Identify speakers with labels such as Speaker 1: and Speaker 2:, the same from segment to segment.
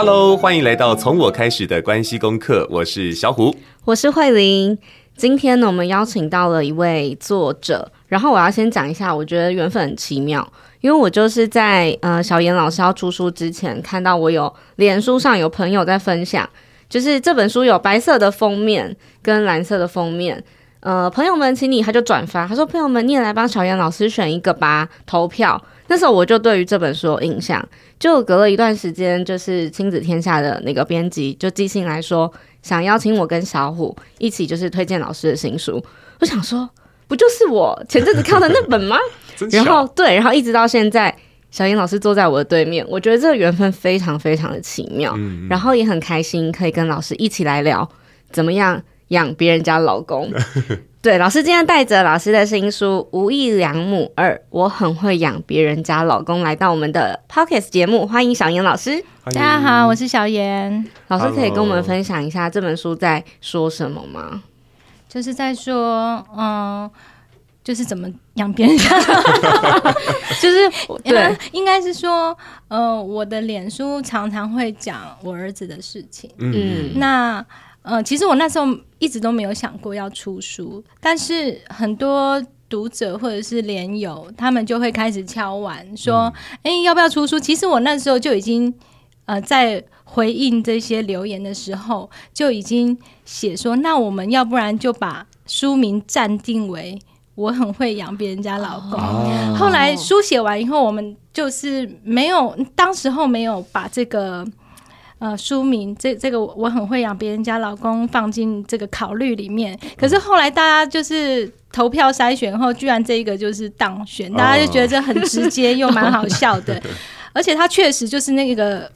Speaker 1: Hello，歡迎來到從我開始的關係功課。我是小虎，
Speaker 2: 我是慧玲。今天呢，我們邀請到了一位作者。然後我要先講一下，我覺得緣分很奇妙，因為我就是在呃小妍老師要出書之前，看到我有臉書上有朋友在分享，就是這本書有白色的封面跟藍色的封面。呃，朋友們，請你他就轉發，他說：“朋友們，你也來幫小妍老師選一個吧，投票。”那時候我就對於這本書有印象，就隔了一段時間，就是親子天下的那個編輯就寄信來說，想邀請我跟小虎一起就是推薦老師的新書。我想說，不就是我前陣子看的那本嗎？ 然後對，然後一直到現在，小妍老師坐在我的對面，我覺得這個緣分非常非常的奇妙。嗯嗯，然後也很開心可以跟老師一起來聊怎麼樣養別人家老公。 對，老師今天帶着老師的新書《無意良母二》，我很會養別人家老公，來到我們的 podcast 節目，歡迎曉妍老師。Hi. 大家
Speaker 3: 好，我是曉妍。老師可以跟我們
Speaker 2: 分享一下這本書在說什麼嗎
Speaker 3: ？Hello. 就是在說，嗯、呃，就是怎麼養別人家， 就是對，應該是說，呃，我的臉書常常會講我兒子的事情，嗯，嗯，那。嗯、呃，其實我那時候一直都沒有想過要出書，但是很多讀者或者是臉友，他們就會開始敲碗說：“哎、嗯欸，要不要出書？”其實我那時候就已經，呃，在回應這些留言的時候，就已經寫說：“那我們要不然就把書名暫定為《我很會養別人家老公》哦。”後來書寫完以後，我們就是沒有，當時候沒有把這個。呃，書名這這個我很會養別人家老公放進這個考慮裡面，可是後來大家就是投票篩選後，居然這一個就是當選，大家就覺得這很直接又蠻好笑的，哦哦哦哦，而且它確實就是那個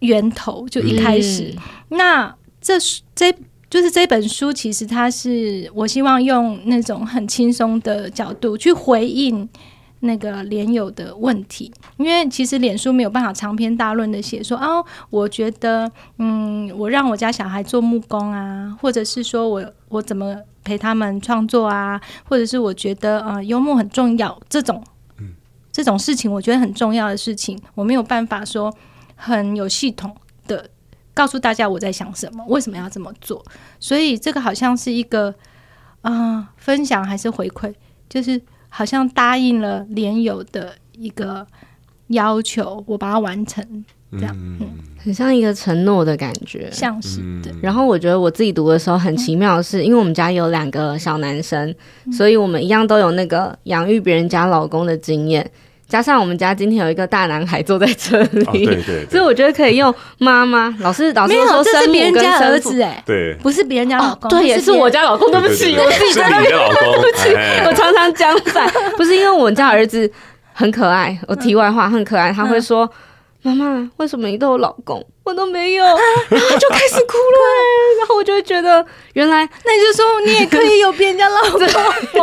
Speaker 3: 源頭，就一開始。嗯、那這這就是這本書，其實它是我希望用那種很輕鬆的角度去回應。那個臉友的問題，因為其實臉書沒有辦法長篇大論的寫說，哦，我覺得，嗯，我讓我家小孩做木工啊，或者是說我我怎麼陪他們創作啊，或者是我覺得呃幽默很重要這種、嗯，這種事情我覺得很重要的事情，我沒有辦法說很有系統的告訴大家我在想什麼，為什麼要這麼做，所以這個好像是一個啊、呃、分享還是回饋，就是。好像答應了蓮友的一個要求，我把它完成，這樣，
Speaker 2: 嗯嗯、很像一個承諾的感覺。像是、嗯。對，然後我覺得我自己讀的時候很奇妙的是，嗯、因為我們家有兩個小男生、嗯，所以我們一樣都有那個養育別人家老公的經驗。嗯嗯加上我們家今天有一個大男孩坐在這裡，哦、對對對，所以我覺得可以用媽媽 老師老師說，說生跟生子兒子哎，
Speaker 4: 對，
Speaker 2: 不是別人家老
Speaker 3: 公，哦、對，也是我家老
Speaker 4: 公。對不起，我自己在那邊，對不起，我
Speaker 2: 常常講反。不是因為我們家兒子很可愛， 我題外話很可愛，嗯、他會說。媽媽，為什麼你都有老公，我都沒有？啊、然後就開始哭了。 然後我就會覺得，原來那你就說你也可以有別人家老公。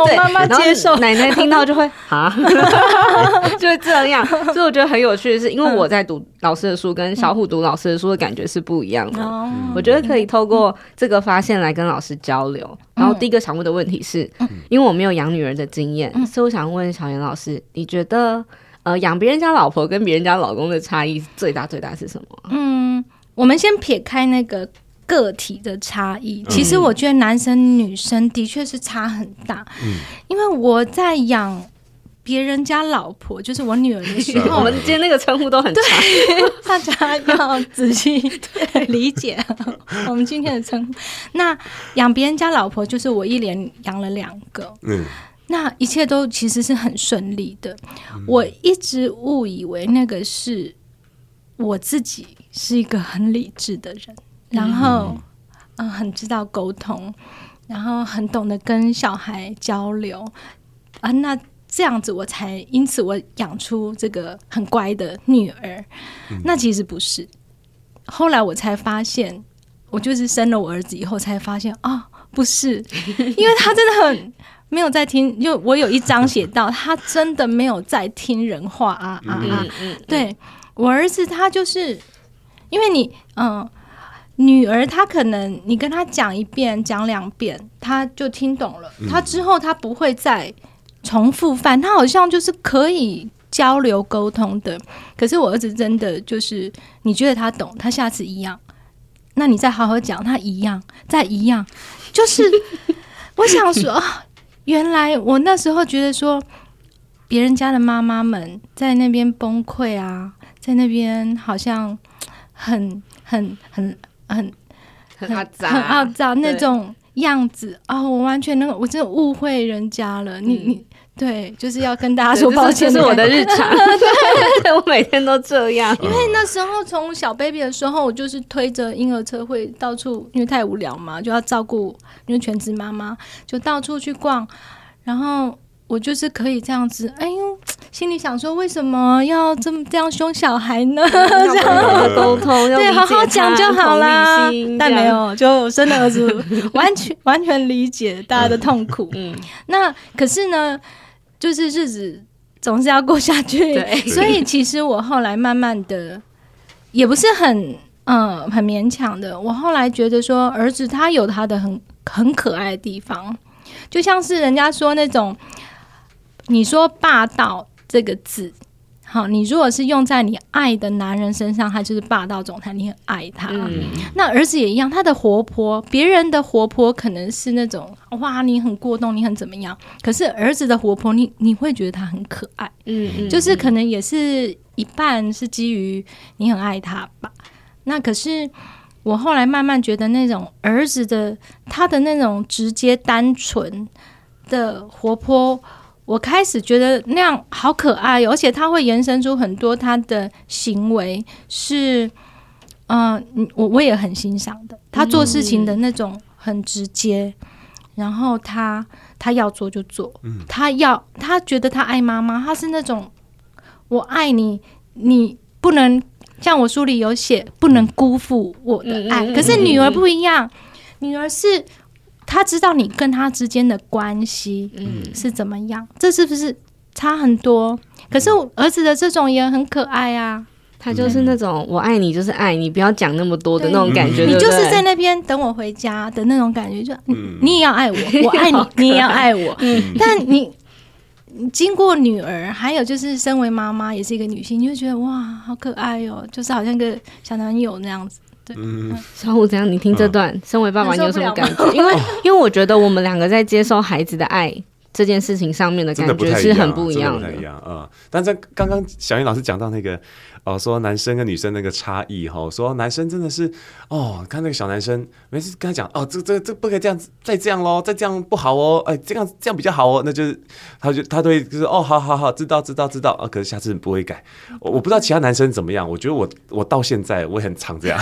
Speaker 2: 我媽媽接受。奶奶聽到就會
Speaker 4: 啊， 蛤 就這樣。
Speaker 2: 所以我覺得很有趣的是，因為我在讀老師的書，跟小虎讀老師的書的感覺是不一樣的、嗯。我覺得可以透過這個發現來跟老師交流。嗯、然後第一個想問的問題是，嗯、因為我沒有養女兒的經驗、嗯，所以我想問小妍老師，你覺得？呃，養別人家老婆跟別人家老公的差異最大最大是什麼？嗯，
Speaker 3: 我們先撇開那個個體的差異、嗯，其實我覺得男生女生的確是差很大。嗯，因為我在養別人家老婆，就是我女兒的時候，嗯、我們今天那個稱呼都很差，對，大家要仔細理解我們今天的稱呼。那養別人家老婆，就是我一連養了兩個。嗯。那一切都其實是很順利的。我一直誤以為那個是我自己是一個很理智的人，然後嗯，很知道溝通，然後很懂得跟小孩交流啊。那這樣子，我才因此我養出這個很乖的女兒。那其實不是。後來我才發現，我就是生了我兒子以後才發現啊，哦，不是，因為他真的很。 沒有在聽，就我有一章寫到，他真的沒有在聽人話啊啊、啊、嗯嗯嗯！對我兒子，他就是因為你，嗯、呃，女兒她可能你跟他講一遍、講兩遍，他就聽懂了。他之後他不會再重複犯，他好像就是可以交流溝通的。可是我兒子真的就是，你覺得他懂，他下次一樣。那你再好好講，他一樣，再一樣，就是 我想說。 原來我那時候覺得說，別人家的媽媽們在那邊崩潰啊，在那邊好像很很很很很很傲躁那種樣子哦，我完全那個，我真的誤會人家了。嗯、你你對，就是要跟大家說抱歉。 是我的日常，我每天都這樣。 對對對對對對 因為那時候從小 baby 的時候，我就是推着嬰兒車會到處，因為太無聊嘛，就要照顧，因為全職媽媽就到處去逛，然後。我就是可以這樣子，哎呦，心裡想說為什麼要這麼這樣凶小孩呢？偷偷 對，好好講就好啦。但沒有，就生的兒子完全完全理解大家的痛苦。嗯，那可是呢，就是日子總是要過下去，對，所以其實我後來慢慢的，也不是很嗯、呃、很勉強的。我後來覺得說，兒子他有他的很很可愛的地方，就像是人家說那種。你說“霸道”這個字，好，你如果是用在你愛的男人身上，他就是霸道總裁，你很愛他。嗯。那兒子也一樣，他的活潑，別人的活潑可能是那種哇，你很過動，你很怎麼樣？可是兒子的活潑，你你會覺得他很可愛。嗯，嗯，嗯，就是可能也是一半是基於你很愛他吧。那可是我後來慢慢覺得，那種兒子的他的那種直接、單純的活潑。我開始覺得那樣好可愛，而且他會延伸出很多他的行為是，嗯、呃，我我也很欣賞的。他做事情的那種很直接，然後他他要做就做，他要他覺得他愛媽媽，他是那種我愛你，你不能像我書裡有寫，不能辜負我的愛。可是女兒不一樣， 女兒是。他知道你跟他之間的關係是怎麼樣，嗯，這是不是差很多？可是我兒子的這種也很可愛啊，嗯，他就是那種我愛你就是愛你，
Speaker 2: 不要講那麼多的那種感覺。你就是在
Speaker 3: 那邊等我回家的那種感覺，嗯，就你也
Speaker 2: 要愛我，我愛你，你也要愛我。
Speaker 3: 但你，你經過女兒，還有就是身為媽媽，也是一個女性，你就覺得哇，好可愛哦，就是好像個小男友那樣子。
Speaker 4: 嗯，
Speaker 2: 小、嗯、虎，怎樣？你聽這段，嗯、身為爸爸、嗯、你有什麼感覺？ 因為，因為我覺得我們兩個在接受孩子的愛 這件事情上面的感覺是很不一樣的。真的不太一
Speaker 4: 樣啊，
Speaker 1: 樣嗯、但在剛剛小雲老師講到那個。哦，說男生跟女生那個差異哈，說男生真的是哦，看那個小男生，沒事跟他講哦，這這這不可以這樣子，再這樣嘍，再這樣不好哦，哎，這樣這樣比較好哦，那就是他就他對，就是哦，好好好，知道知道知道啊，哦，可是下次不會改，我，我不知道其他男生怎麼樣，我覺得我我到現在我也很常這樣，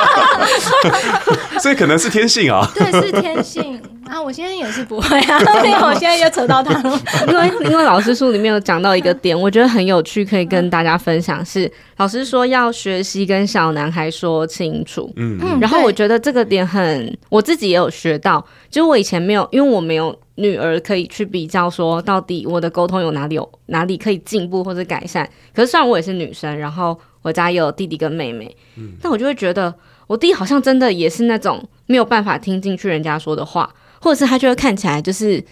Speaker 1: 所以可能是天性啊， 對，是
Speaker 3: 天性啊，我現在也是不會啊，因 為我現在又扯到他了， 因為因為
Speaker 2: 老師書裡面有講到一個點， 我覺得很有趣，可以跟大家分享是。老師說要學習跟小男孩說清楚。嗯,嗯，然後我覺得這個點很，我自己也有學到。就是我以前沒有，因為我沒有女兒可以去比較，說到底我的溝通有哪裡有哪裡可以進步或者改善。可是雖然我也是女生，然後我家也有弟弟跟妹妹，嗯，但我就會覺得我弟好像真的也是那種沒有辦法聽進去人家說的話，或者是他就會看起來就是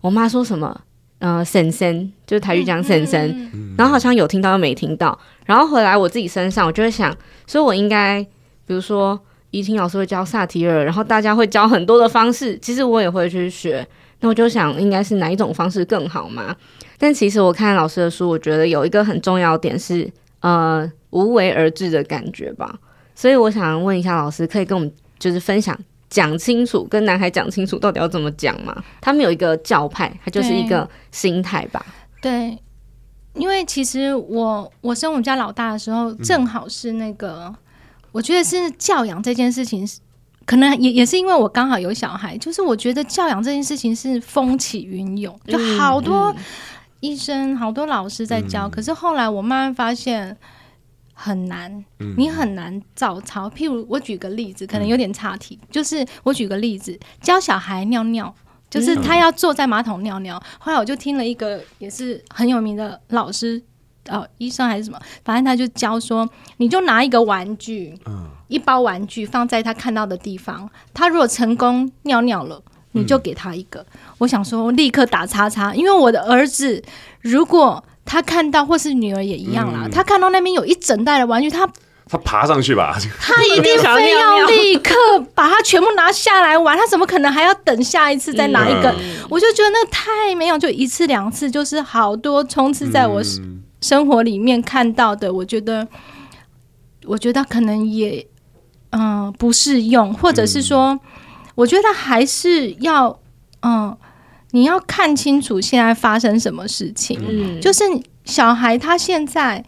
Speaker 2: 我媽說什麼，呃，嬸嬸就是台語講嬸嬸，然後好像有聽到又沒聽到。然後回來我自己身上，我就會想，所以我應該，比如說怡婷老師會教薩提爾，然後大家會教很多的方式，其實我也會去學。那我就想，應該是哪一種方式更好嘛？但其實我看老師的書，我覺得有一個很重要點是，呃，無為而治的感覺吧。所以我想問一下老師，可以跟我們就是分享，講清楚，跟男孩講清楚到底要怎麼講嗎？他們有一個教派，他就是一個心態吧？
Speaker 3: 對。對因為其實我我生我們家老大的時候、嗯，正好是那個，我覺得是教養這件事情可能也也是因為我剛好有小孩，就是我覺得教養這件事情是風起雲湧，就好多醫生、好多老師在教，嗯、可是後來我慢慢發現很難、嗯，你很難照抄。譬如我舉個例子，可能有點岔題，嗯、就是我舉個例子教小孩尿尿。就是他要坐在馬桶尿尿、嗯，後來我就聽了一個也是很有名的老師，哦，醫生還是什麼，反正他就教說，你就拿一個玩具、嗯，一包玩具放在他看到的地方，他如果成功尿尿了，你就給他一個、嗯。我想說立刻打叉叉，因為我的兒子如果他看到，或是女兒也一樣啦，嗯、他看到那邊有一整袋的玩具，他。
Speaker 1: 他爬上去吧，
Speaker 4: 他一定非要立
Speaker 3: 刻把它全部拿下來玩，他怎麼可能還要等下一次再拿一個？我就覺得那太沒有，就一次兩次，就是好多充斥，在我生活裡面看到的，我覺得，我覺得可能也，嗯，不適用，或者是說，我覺得還是要，嗯，你要看清楚現在發生什麼事情，嗯，就是小孩他現在。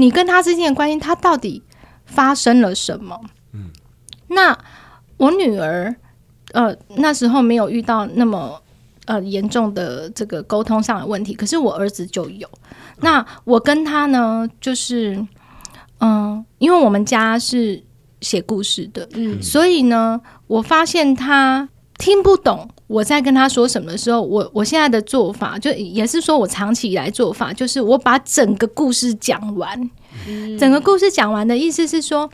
Speaker 3: 你跟他之間的關係，他到底發生了什麼？嗯，那我女兒，呃，那時候沒有遇到那麼呃嚴重的這個溝通上的問題，可是我兒子就有。那我跟他呢，就是嗯、呃，因為我們家是寫故事的，嗯，嗯，所以呢，我發現他。聽不懂我在跟他說什麼的時候，我我現在的做法就也是說我長期以來做法，就是我把整個故事講完，
Speaker 4: 嗯。整個
Speaker 3: 故事講完的意思是說，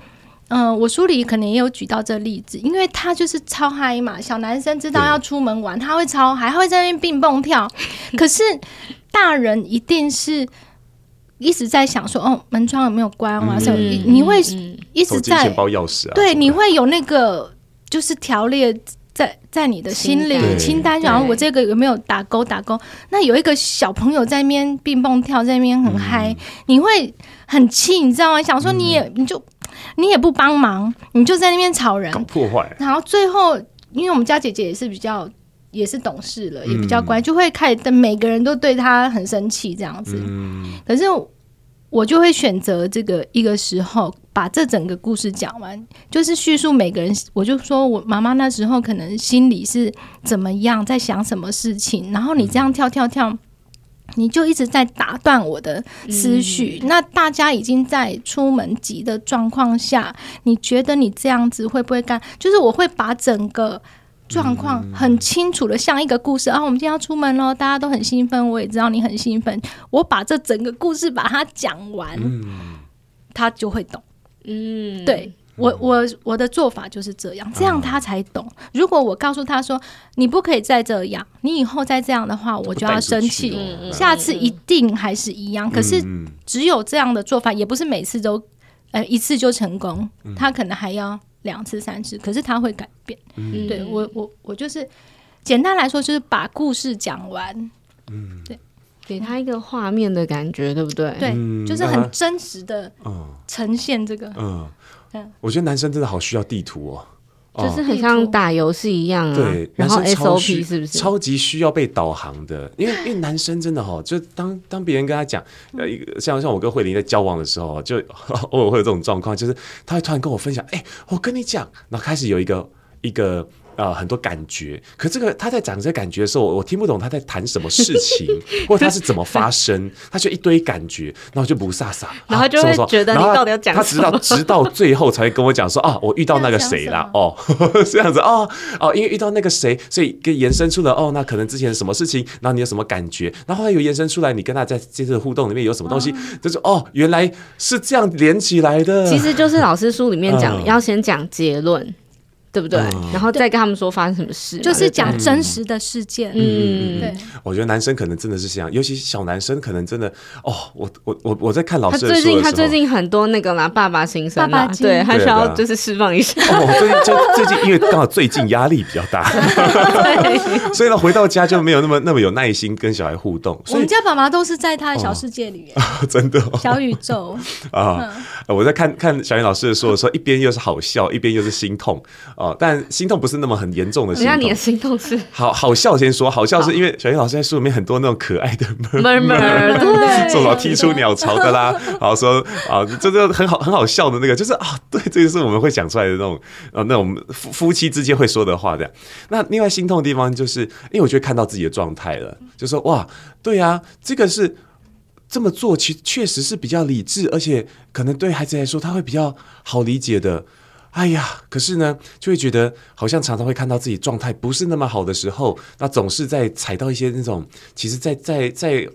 Speaker 3: 嗯、呃，我書裡可能也有舉到這例子，因為他就是超嗨嘛，小男生知道要出門玩，他會超嗨，還會在那邊蹦蹦跳。 可是大人一定是一直在想說，哦，門窗有沒有關啊？什麼？你會一直在，嗯嗯嗯，對，你會有那個就是條列。在在你的心裡清單，清單，然後我這個有沒有打勾打勾？那有一個小朋友在那邊蹦蹦跳，在那邊很嗨、嗯，你會很氣，你知道嗎？想說你也、嗯、你就你也不幫忙，你就在那邊吵人，搞破壞。然後最後，因為我們家姐姐也是比較也是懂事了、嗯，也比較乖，就會開始，對每個人都對她很生氣這樣子、
Speaker 4: 嗯。
Speaker 3: 可是我就會選擇這個一個時候。把這整個故事講完，就是敘述每個人。我就說我媽媽那時候可能心裡是怎麼樣，在想什麼事情。然後你這樣跳跳跳，你就一直在打斷我的思緒、嗯。那大家已經在出門急的狀況下，你覺得你這樣子會不會干？就是我會把整個狀況很清楚的像一個故事。嗯、啊。我們今天要出門咯，大家都很興奮，我也知道你很興奮。我把這整個故事把它講完、嗯，他就會懂。嗯，對我我我的做法就是這樣，這樣他才懂。啊、如果我告訴他說，你不可以再這樣，你以後再這樣的話，我就要生氣、哦，下次一定還是一樣、嗯。可是只有這樣的做法，也不是每次都呃一次就成功，嗯、他可能還要兩次三次，可是他會改變。嗯、對我我我就是簡單來說，就是把故事講完，嗯，對。給他一個畫面的
Speaker 2: 感覺，對不對？嗯、對，就是很
Speaker 3: 真實的呈現這個嗯。
Speaker 1: 嗯，我覺得男生真的好需要地圖哦，就是很
Speaker 2: 像打遊戲一樣啊。對，然後 SOP 是不是，是不是？
Speaker 1: 超級需要被導航的，因為因為男生真的哈、哦，就當當別人跟他講呃，一個像像我跟慧玲在交往的時候，就偶爾會有這種狀況，就是他會突然跟我分享，哎、欸，我跟你講，然後開始有一個一個。啊、呃，很多感覺。可這個他在講這些感覺的時候，我聽不懂他在談什麼事情， 或者他是怎麼發生， 他就一堆感覺，那我就不颯颯。然後他就會、啊、什麼什麼覺得你到底要講什麼？他直到直到最後才跟我講說啊，我遇到那個誰了哦，呵呵這樣子哦。哦，哦因為遇到那個誰，所以跟延伸出了哦，那可能之前什麼事情，然後你有什麼感覺，然後後來又延伸出來，你跟他在這次互動裡面有什麼東西，哦、就是哦，原來是這樣連起來的。其實
Speaker 2: 就是老師書裡面講、嗯，要先講結論。對不對、嗯？然後再跟他們說發生什麼事，就是講真實的事件嗯嗯。嗯，對。
Speaker 1: 我覺得男生可能真的是這樣，尤其小男生，可能真的哦。我我我我在看老師的他最近，他最
Speaker 2: 近很多那個啦，爸爸心聲，爸爸對，他需
Speaker 1: 要就
Speaker 3: 是釋放一下。我、啊啊哦、最近就最近，因為剛
Speaker 1: 好最近壓力比較大，
Speaker 3: 對
Speaker 1: 所以呢，回到家就沒有那麼那麼有耐心跟小孩互動。我們家
Speaker 3: 爸媽都是在他的小世界裡面，哦哦、真的小宇宙啊！
Speaker 1: 我在看看小云老師的時候說，一邊又是好笑，一邊又是心痛。 哦但心痛不是那麼很嚴重的。人家你
Speaker 3: 的心痛是
Speaker 1: 好好笑。先說好笑，是因為曉妍老師在書裡面很多那種可愛的 murmur，對，做好踢出鳥巢的啦。好說啊，這個很好很好笑的那個，就是啊，對，這個是我們會講出來的那種啊，那種夫夫妻之間會說的話這樣。那另外心痛的地方就是，因為我覺得看到自己的狀態了，就說，哇，對呀、啊，這個是這麼做，其確實是比較理智，而且可能對孩子來說他會比較好理解的。哎呀，可是呢，就會覺得好像常常會看到自己狀態不是那麼好的時候，那總是在踩到一些那種，其實在，在在在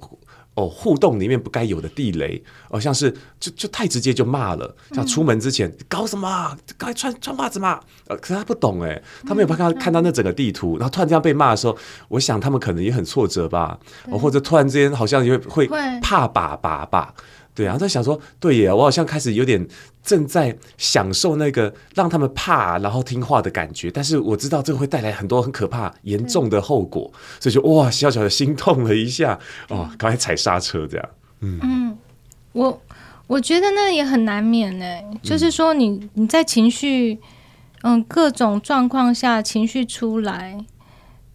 Speaker 1: 哦互動裡面不該有的地雷，好、哦、像是就就太直接就罵了，像出門之前、嗯、搞什麼，該穿穿襪子嘛？呃，可是他不懂誒、欸、他沒有辦法看到那整個地圖，嗯、然後突然這樣被罵的時候，我想他們可能也很挫折吧，哦、或者突然之間好像也會、會怕爸爸吧。對啊，我在想說，對耶，我好像開始有點正在享受那個讓他們怕然後聽話的感覺，但是我知道這會帶來很多很可怕嚴重的後果，所以就哇，小，小小的心痛了一下，哦，趕快踩剎車這樣。嗯，
Speaker 3: 嗯我我覺得那也很難免呢、欸嗯，就是說你你在情緒，嗯，各種狀況下情緒出來，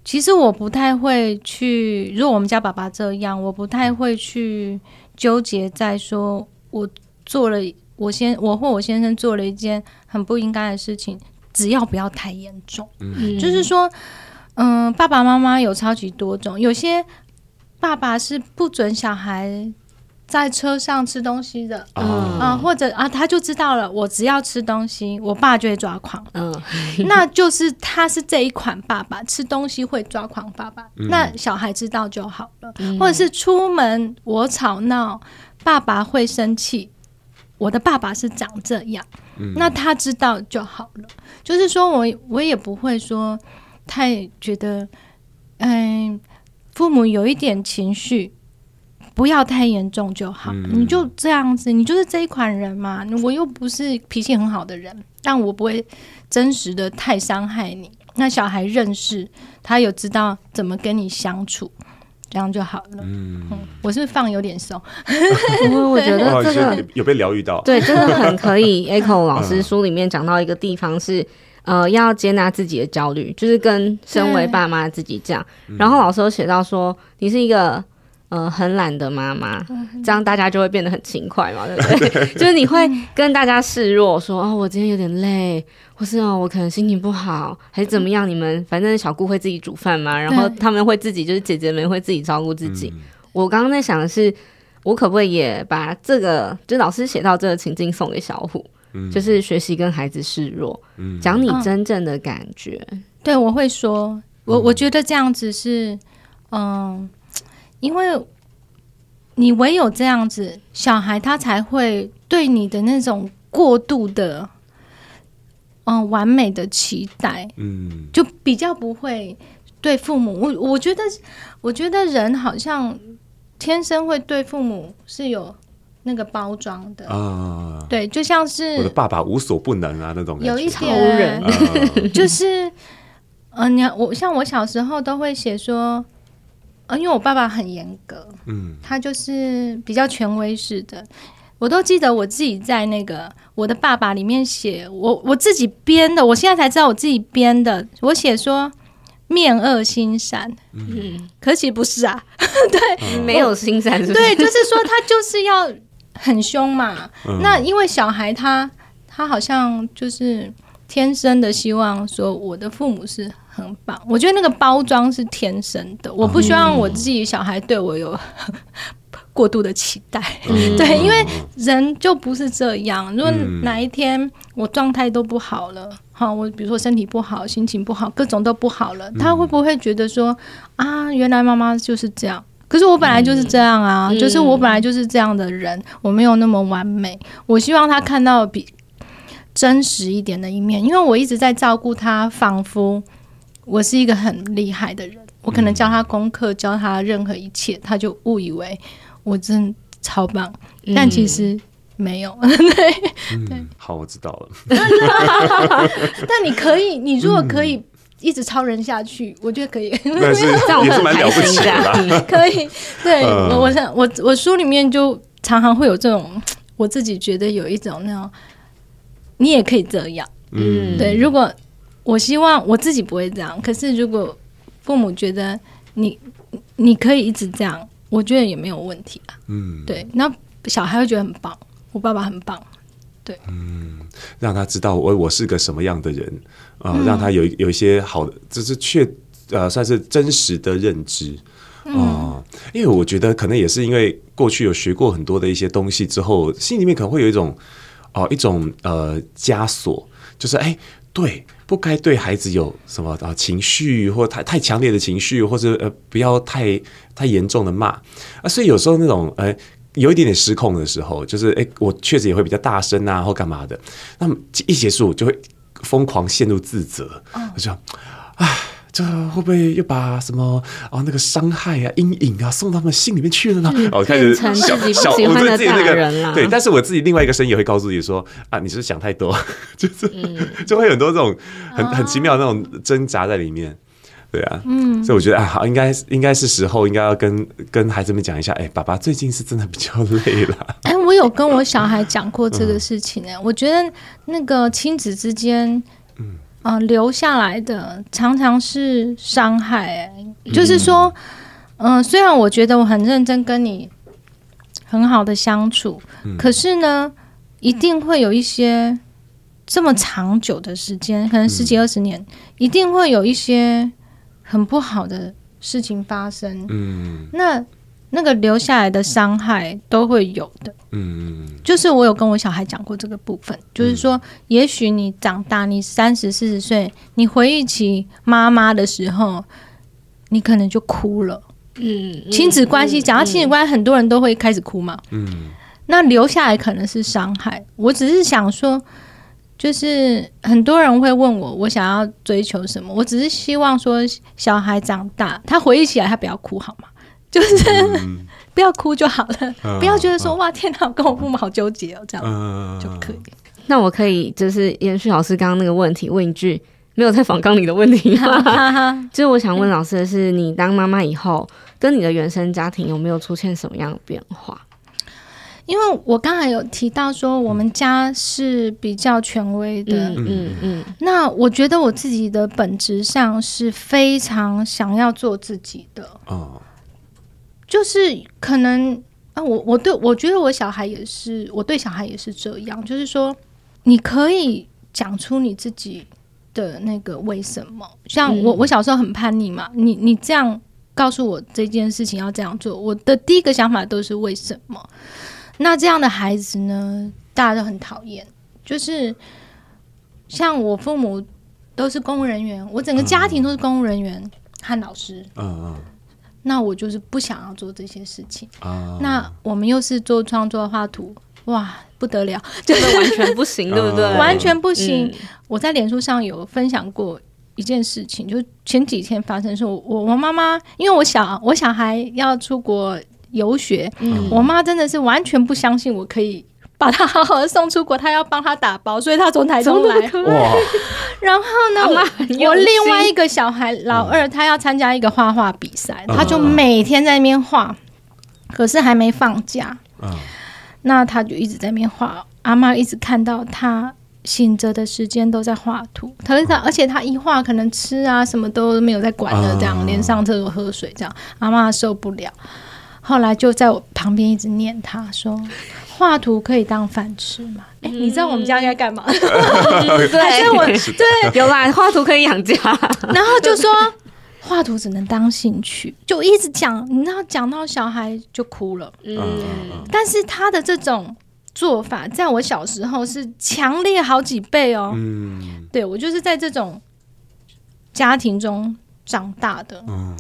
Speaker 3: 其實我不太會去，如果我們家爸爸這樣，我不太會去。糾結在說，我做了，我先，我或我先生做了一件很不應該的事情，只要不要太嚴重。嗯。就是說，嗯，呃，爸爸媽媽有超級多種，有些爸爸是不准小孩。在車上吃東西的，oh. 啊，或者啊，他就知道了。我只要吃東西，我爸就會抓狂。嗯、oh. 那就是他是這一款爸爸，吃東西會抓狂爸爸。那小孩知道就好了。Mm. 或者是出門我吵鬧，mm. 爸爸會生氣。我的爸爸是長這樣，mm. 那他知道就好了。Mm. 就是說我我也不會說太覺得，嗯、哎，父母有一點情緒。不要太嚴重就好、嗯，你就這樣子，你就是這一款人嘛。我又不是脾氣很好的人，但我不會真實的太傷害你。那小孩認識他，有知道怎麼跟你相處，這樣就好
Speaker 4: 了。嗯，
Speaker 3: 嗯我是不是放有點鬆，因 為我覺得這個、
Speaker 1: 哦、有被療癒到，對，真的很可
Speaker 3: 以。Echo 老師書裡
Speaker 2: 面講到一個地方是，嗯、呃，要接納自己的焦慮，就是跟身為爸媽自己講。然後老師有寫到說，你是一個。呃，很懶的媽媽、嗯，這樣大家就會變得很勤快嘛、嗯，對不對？就是你會跟大家示弱， 說哦，我今天有點累，或是哦，我可能心情不好，還是怎麼樣？嗯、你們反正小姑會自己煮飯嘛、嗯，然後他們會自己，就是姐姐們會自己照顧自己、嗯。我剛剛在想的是，我可不可以也把這個，就老師寫到這個情境，送給小虎、嗯，就是學習跟孩子示弱，嗯、講你真正的感覺。嗯、
Speaker 3: 對，我會說，嗯、我我覺得這樣子是，嗯。因為你唯有這樣子，小孩他才會對你的那種過度的，嗯、呃，完美的期待，
Speaker 4: 嗯，
Speaker 3: 就比較不會對父母。我我覺得，我覺得人好像天生會對父母是有那個包裝的
Speaker 1: 啊、哦。
Speaker 3: 對，就像是我的
Speaker 1: 爸爸無所不能啊那種，有一點、啊、 就
Speaker 3: 是，嗯、呃，你我像我小時候都會寫說。啊，因為我爸爸很嚴格，嗯，他就是比較權威式的、嗯。我都記得我自己在那個《我的爸爸》裡面寫，我我自己編的。我現在才知道我自己編的，我寫說面惡心善，嗯，可惜不是啊， 對、哦，沒有心善是是，對，就是說他就是要很凶嘛。嗯、那因為小孩他他好像就是天生的希望說我的父母是。很棒，我覺得那個包裝是天生的、嗯。我不希望我自己小孩對我有過度的期待，嗯、 對，因為人就不是這樣。嗯、如果哪一天我狀態都不好了，好、嗯，我比如說身體不好、心情不好、各種都不好了，嗯、他會不會覺得說啊，原來媽媽就是這樣？可是我本來就是這樣啊，嗯、就是我本來就是這樣的人、嗯，我沒有那麼完美。我希望他看到比真實一點的一面，因為我一直在照顧他，仿佛。我是一個很厲害的人，我可能教他功課，嗯、教他任何一切，他就誤以為我真超棒，嗯、但其實沒有、嗯
Speaker 1: 對嗯。對，好，我知道了。
Speaker 3: 但你可以，你如果可以一直超人下去，嗯、我覺得可以。但是你樣，我蠻了不起的。可以，對我，我想，我我書裡面就常常會有這種，我自己覺得有一種那種，你也可以這樣。
Speaker 4: 嗯，對，
Speaker 3: 如果。我希望我自己不會這樣，可是如果父母覺得你你可以一直這樣，我覺得也沒有問題啊。嗯，對。那小孩會覺得很棒，我爸爸很棒。對，嗯，
Speaker 1: 讓他知道我我是個什麼樣的人啊、呃嗯，讓他有有一些好的，就是確呃算是真實的認知啊、呃嗯。因為我覺得可能也是因為過去有學過很多的一些東西之後，心裡面可能會有一種哦、呃、一種呃枷鎖，就是哎。欸對，不該對孩子有什麼啊情緒，或太太強烈的情緒，或者呃，不要太太嚴重的罵啊。所以有時候那種，哎、呃，有一點點失控的時候，就是誒，我確實也會比較大聲啊，或幹嘛的。那麼一結束就會瘋狂陷入自責，我、Oh. 就，唉。這會不會又把什麼啊、哦、那個傷害啊陰影啊送到他們心裡面去了呢？我開始小小喜對自己那個對，但是我自己另外一個聲音也會告訴自己說啊，你是不是想太多？就是、嗯、就會有很多這種很很奇妙的那種掙扎在裡面。對啊，嗯，所以我覺得啊，好，應該應該是時候，應該要跟跟孩子們講一下。哎，爸爸最近是真的比較
Speaker 4: 累了。
Speaker 3: 哎，我有跟我小孩講過這個事情呢、欸嗯。我覺得那個親子之間。嗯、呃，留下來的常常是傷害、欸。就是說，嗯、呃，雖然我覺得我很認真跟你很好的相處，嗯、可是呢，一定會有一些這麼長久的時間，可能十幾二十年、嗯，一定會有一些很不好的事情發生。嗯，那。那個留下來的傷害都會有的，嗯，就是我有跟我小孩講過這個部分，就是說，也許你長大，你三十四十歲，你回憶起媽媽的時候，你可能就哭了，
Speaker 4: 嗯，親子關係講到親
Speaker 3: 子關係，很多人都會開始哭嘛，嗯，那留下來可能是傷害，我只是想說，就是很多人會問我，我想要追求什麼，我只是希望說，小孩長大，他回憶起來他不要哭，好嗎？
Speaker 4: 就是
Speaker 3: 不要哭就好了，嗯、不要覺得說、嗯、哇天哪，我跟我父母好糾結哦，嗯、這樣、
Speaker 4: 嗯、就可以。
Speaker 3: 那我可以就是延
Speaker 2: 續老師剛剛那個問題，問一句，沒有在訪綱裡的問題哈、嗯。就是我想問老師的是，你當媽媽以後，跟你的原生家庭有沒有出現什麼樣的變化？
Speaker 3: 因為我剛才有提到說，我們家是比較權威的，嗯嗯，嗯，嗯，那我覺得我自己的本質上是非常想要做自己的哦就是可能啊，我我對我覺得我小孩也是，我對小孩也是這樣。就是說，你可以講出你自己的那個為什麼。像我，嗯、我小時候很叛逆嘛，你你這樣告訴我這件事情要這樣做，我的第一個想法都是為什麼。那這樣的孩子呢，大家都很討厭。就是像我父母都是公務人員，我整個家庭都是公務人員、嗯、和老師。嗯嗯。那我就是不想要做這些事情。Uh, 那我們又是做創作畫圖，哇，不得了，真的 完全不行，uh, 對不對？完全不行，嗯。我在臉書上有分享過一件事情，就前幾天發生的時候，我我媽媽，因為我小我小孩要出國遊學，嗯，我媽真的是完全不相信我可以。.把他好好的送出國，他要幫他打包，所以他從台中來。哇，
Speaker 4: 然
Speaker 3: 後呢，有另外一個小孩、嗯、老二，他要參加一個畫畫比賽、嗯，他就每天在那邊畫。可是還沒放假，嗯、那他就一直在那邊畫。阿嬤一直看到他醒着的時間都在畫圖，他、嗯、而且他一畫可能吃啊什麼都沒有在管了，這樣、嗯、連上廁所喝水這樣，阿嬤受不了。後來就在我旁邊一直念他說：“畫圖可以當飯吃嘛？”哎、欸嗯，你知道我們家應該幹嘛？
Speaker 4: 嗯、 還對
Speaker 3: 有吧，畫圖可以養家。 然後就說畫圖只能當興趣，就一直講。你知道講到小孩就哭了。嗯，但是他的這種做法，在我小時候是強烈好幾倍哦。嗯，對，我就是在這種家庭中長大的。嗯。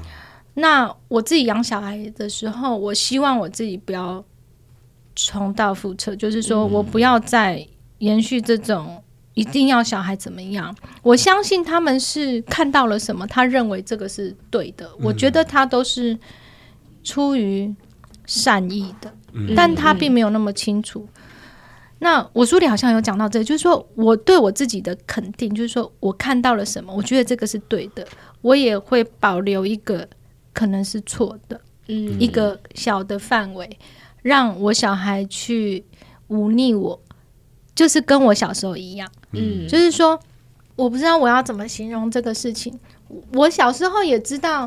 Speaker 3: 那我自己養小孩的時候，我希望我自己不要重蹈覆轍，就是說我不要再延續這種一定要小孩怎麼樣。嗯。我相信他們是看到了什麼，他認為這個是對的。嗯，我覺得他都是出於善意的，嗯，但他並沒有那麼清楚。嗯，那我書裡好像有講到、這個，這就是說我對我自己的肯定，就是說我看到了什麼，我覺得這個是對的，我也會保留一個。可能是錯的，嗯，一個小的範圍，讓我小孩去忤逆我，就是跟我小時候一樣，嗯，就是說，我不知道我要怎麼形容這個事情。我小時候也知道，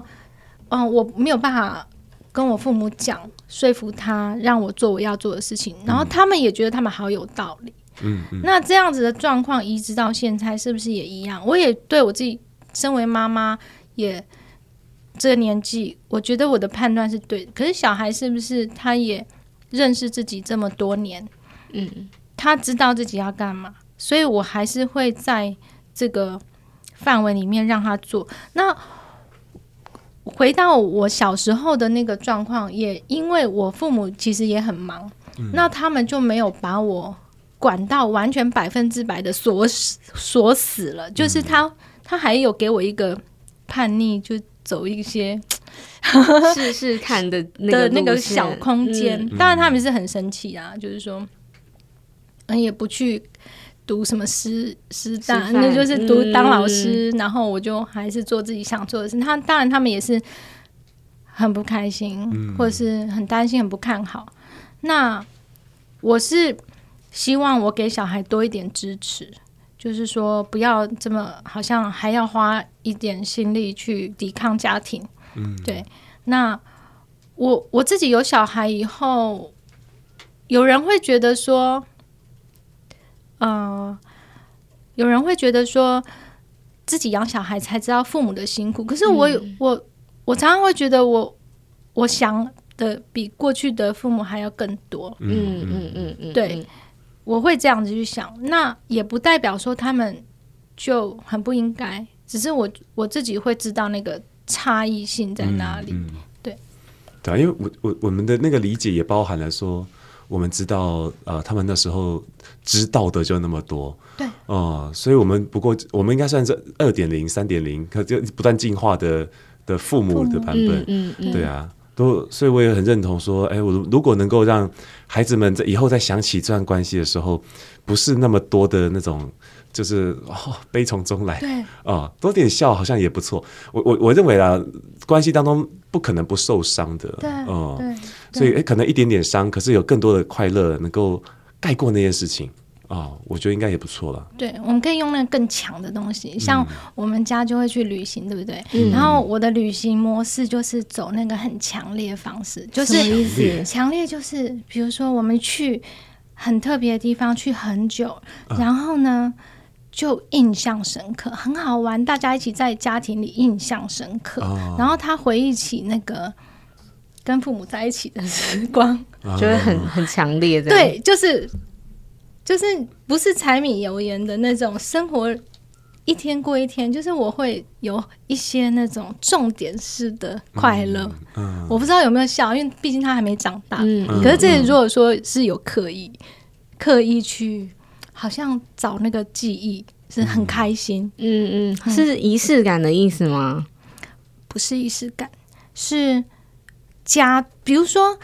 Speaker 3: 嗯、呃，我沒有辦法跟我父母講，說服他讓我做我要做的事情，然後他們也覺得他們好有道理，嗯，那這樣子的狀況一直到現在是不是也一樣？我也對我自己身為媽媽也。這個年紀，我覺得我的判斷是對的。可是小孩是不是他也認識自己這麼多年？嗯，他知道自己要幹嘛，所以我還是會在這個範圍裡面讓他做。那回到我小時候的那個狀況，也因為我父母其實也很忙，嗯、那他們就沒有把我管到完全百分之百的鎖鎖死了，就是他他還有給我一個叛逆就。走一些
Speaker 2: 試試 看的
Speaker 3: 那個的那個小空間、嗯，當然他們是很生氣啊、嗯，就是說，也不去讀什麼師師
Speaker 4: 大，那就是讀當老師、
Speaker 3: 嗯，然後我就還是做自己想做的事。他當然他們也是很不開心，嗯、或者是很擔心，很不看好。那我是希望我給小孩多一點支持。就是說，不要這麼好像還要花一點心力去抵抗家庭，嗯、對。那我我自己有小孩以後，有人會覺得說，嗯、呃，有人會覺得說自己養小孩才知道父母的辛苦。可是我、嗯、我，我常常會覺得我我想的比過去的父母還要更多。嗯嗯
Speaker 4: 嗯嗯，對。
Speaker 3: 我會這樣子去想，那也不代表說他們就很不應該，只是我我自己會知道那個差異性在哪裡。嗯嗯、對，
Speaker 1: 對啊，因為我我我們的那個理解也包含了說，我們知道呃，他們那時候知道的就那麼多。對，哦、呃，所以我們不過我們應該算是二點零、三點零，可就不斷進化的的父母的版本。嗯嗯，嗯，對啊。所所以我也很認同說，哎、欸，我如果能夠讓孩子們在以後再想起這段關係的時候，不是那麼多的那種，就是、哦、悲從中來，對啊、哦，多點笑好像也不錯。我我我認為啊，關係當中不可能不受傷的，對，嗯、哦，
Speaker 3: 對，所以誒、欸，可
Speaker 1: 能一點點傷，可是有更多的快樂能夠蓋過那件事情。哦、oh，我覺得應該也不錯了。
Speaker 3: 對，我們可以用那個更強的東西，嗯、像我們家就會去旅行，對不對、嗯？然後我的旅行模式就是走那個很強烈的方式，就是，是什麼意思？強烈就是，比如說我們去很特別的地方，去很久，然後呢、啊、就印象深刻，很好玩，大家一起在家庭裡印象深刻，哦、然後他回憶起那個跟父母在一起的時光、嗯，
Speaker 4: 就會很很
Speaker 2: 強烈的。對，
Speaker 3: 就是。就是不是柴米油鹽的那種生活，一天過一天。就是我會有一些那種重點式的快樂、嗯嗯，我不知道有沒有笑，因為畢竟他還沒長大。嗯，可是這裡如果說是有刻意刻、嗯、意去，好像找那個記憶是很開心。嗯嗯、嗯，是
Speaker 2: 儀式感的意思嗎、嗯？
Speaker 3: 不是儀式感，是家。比如說，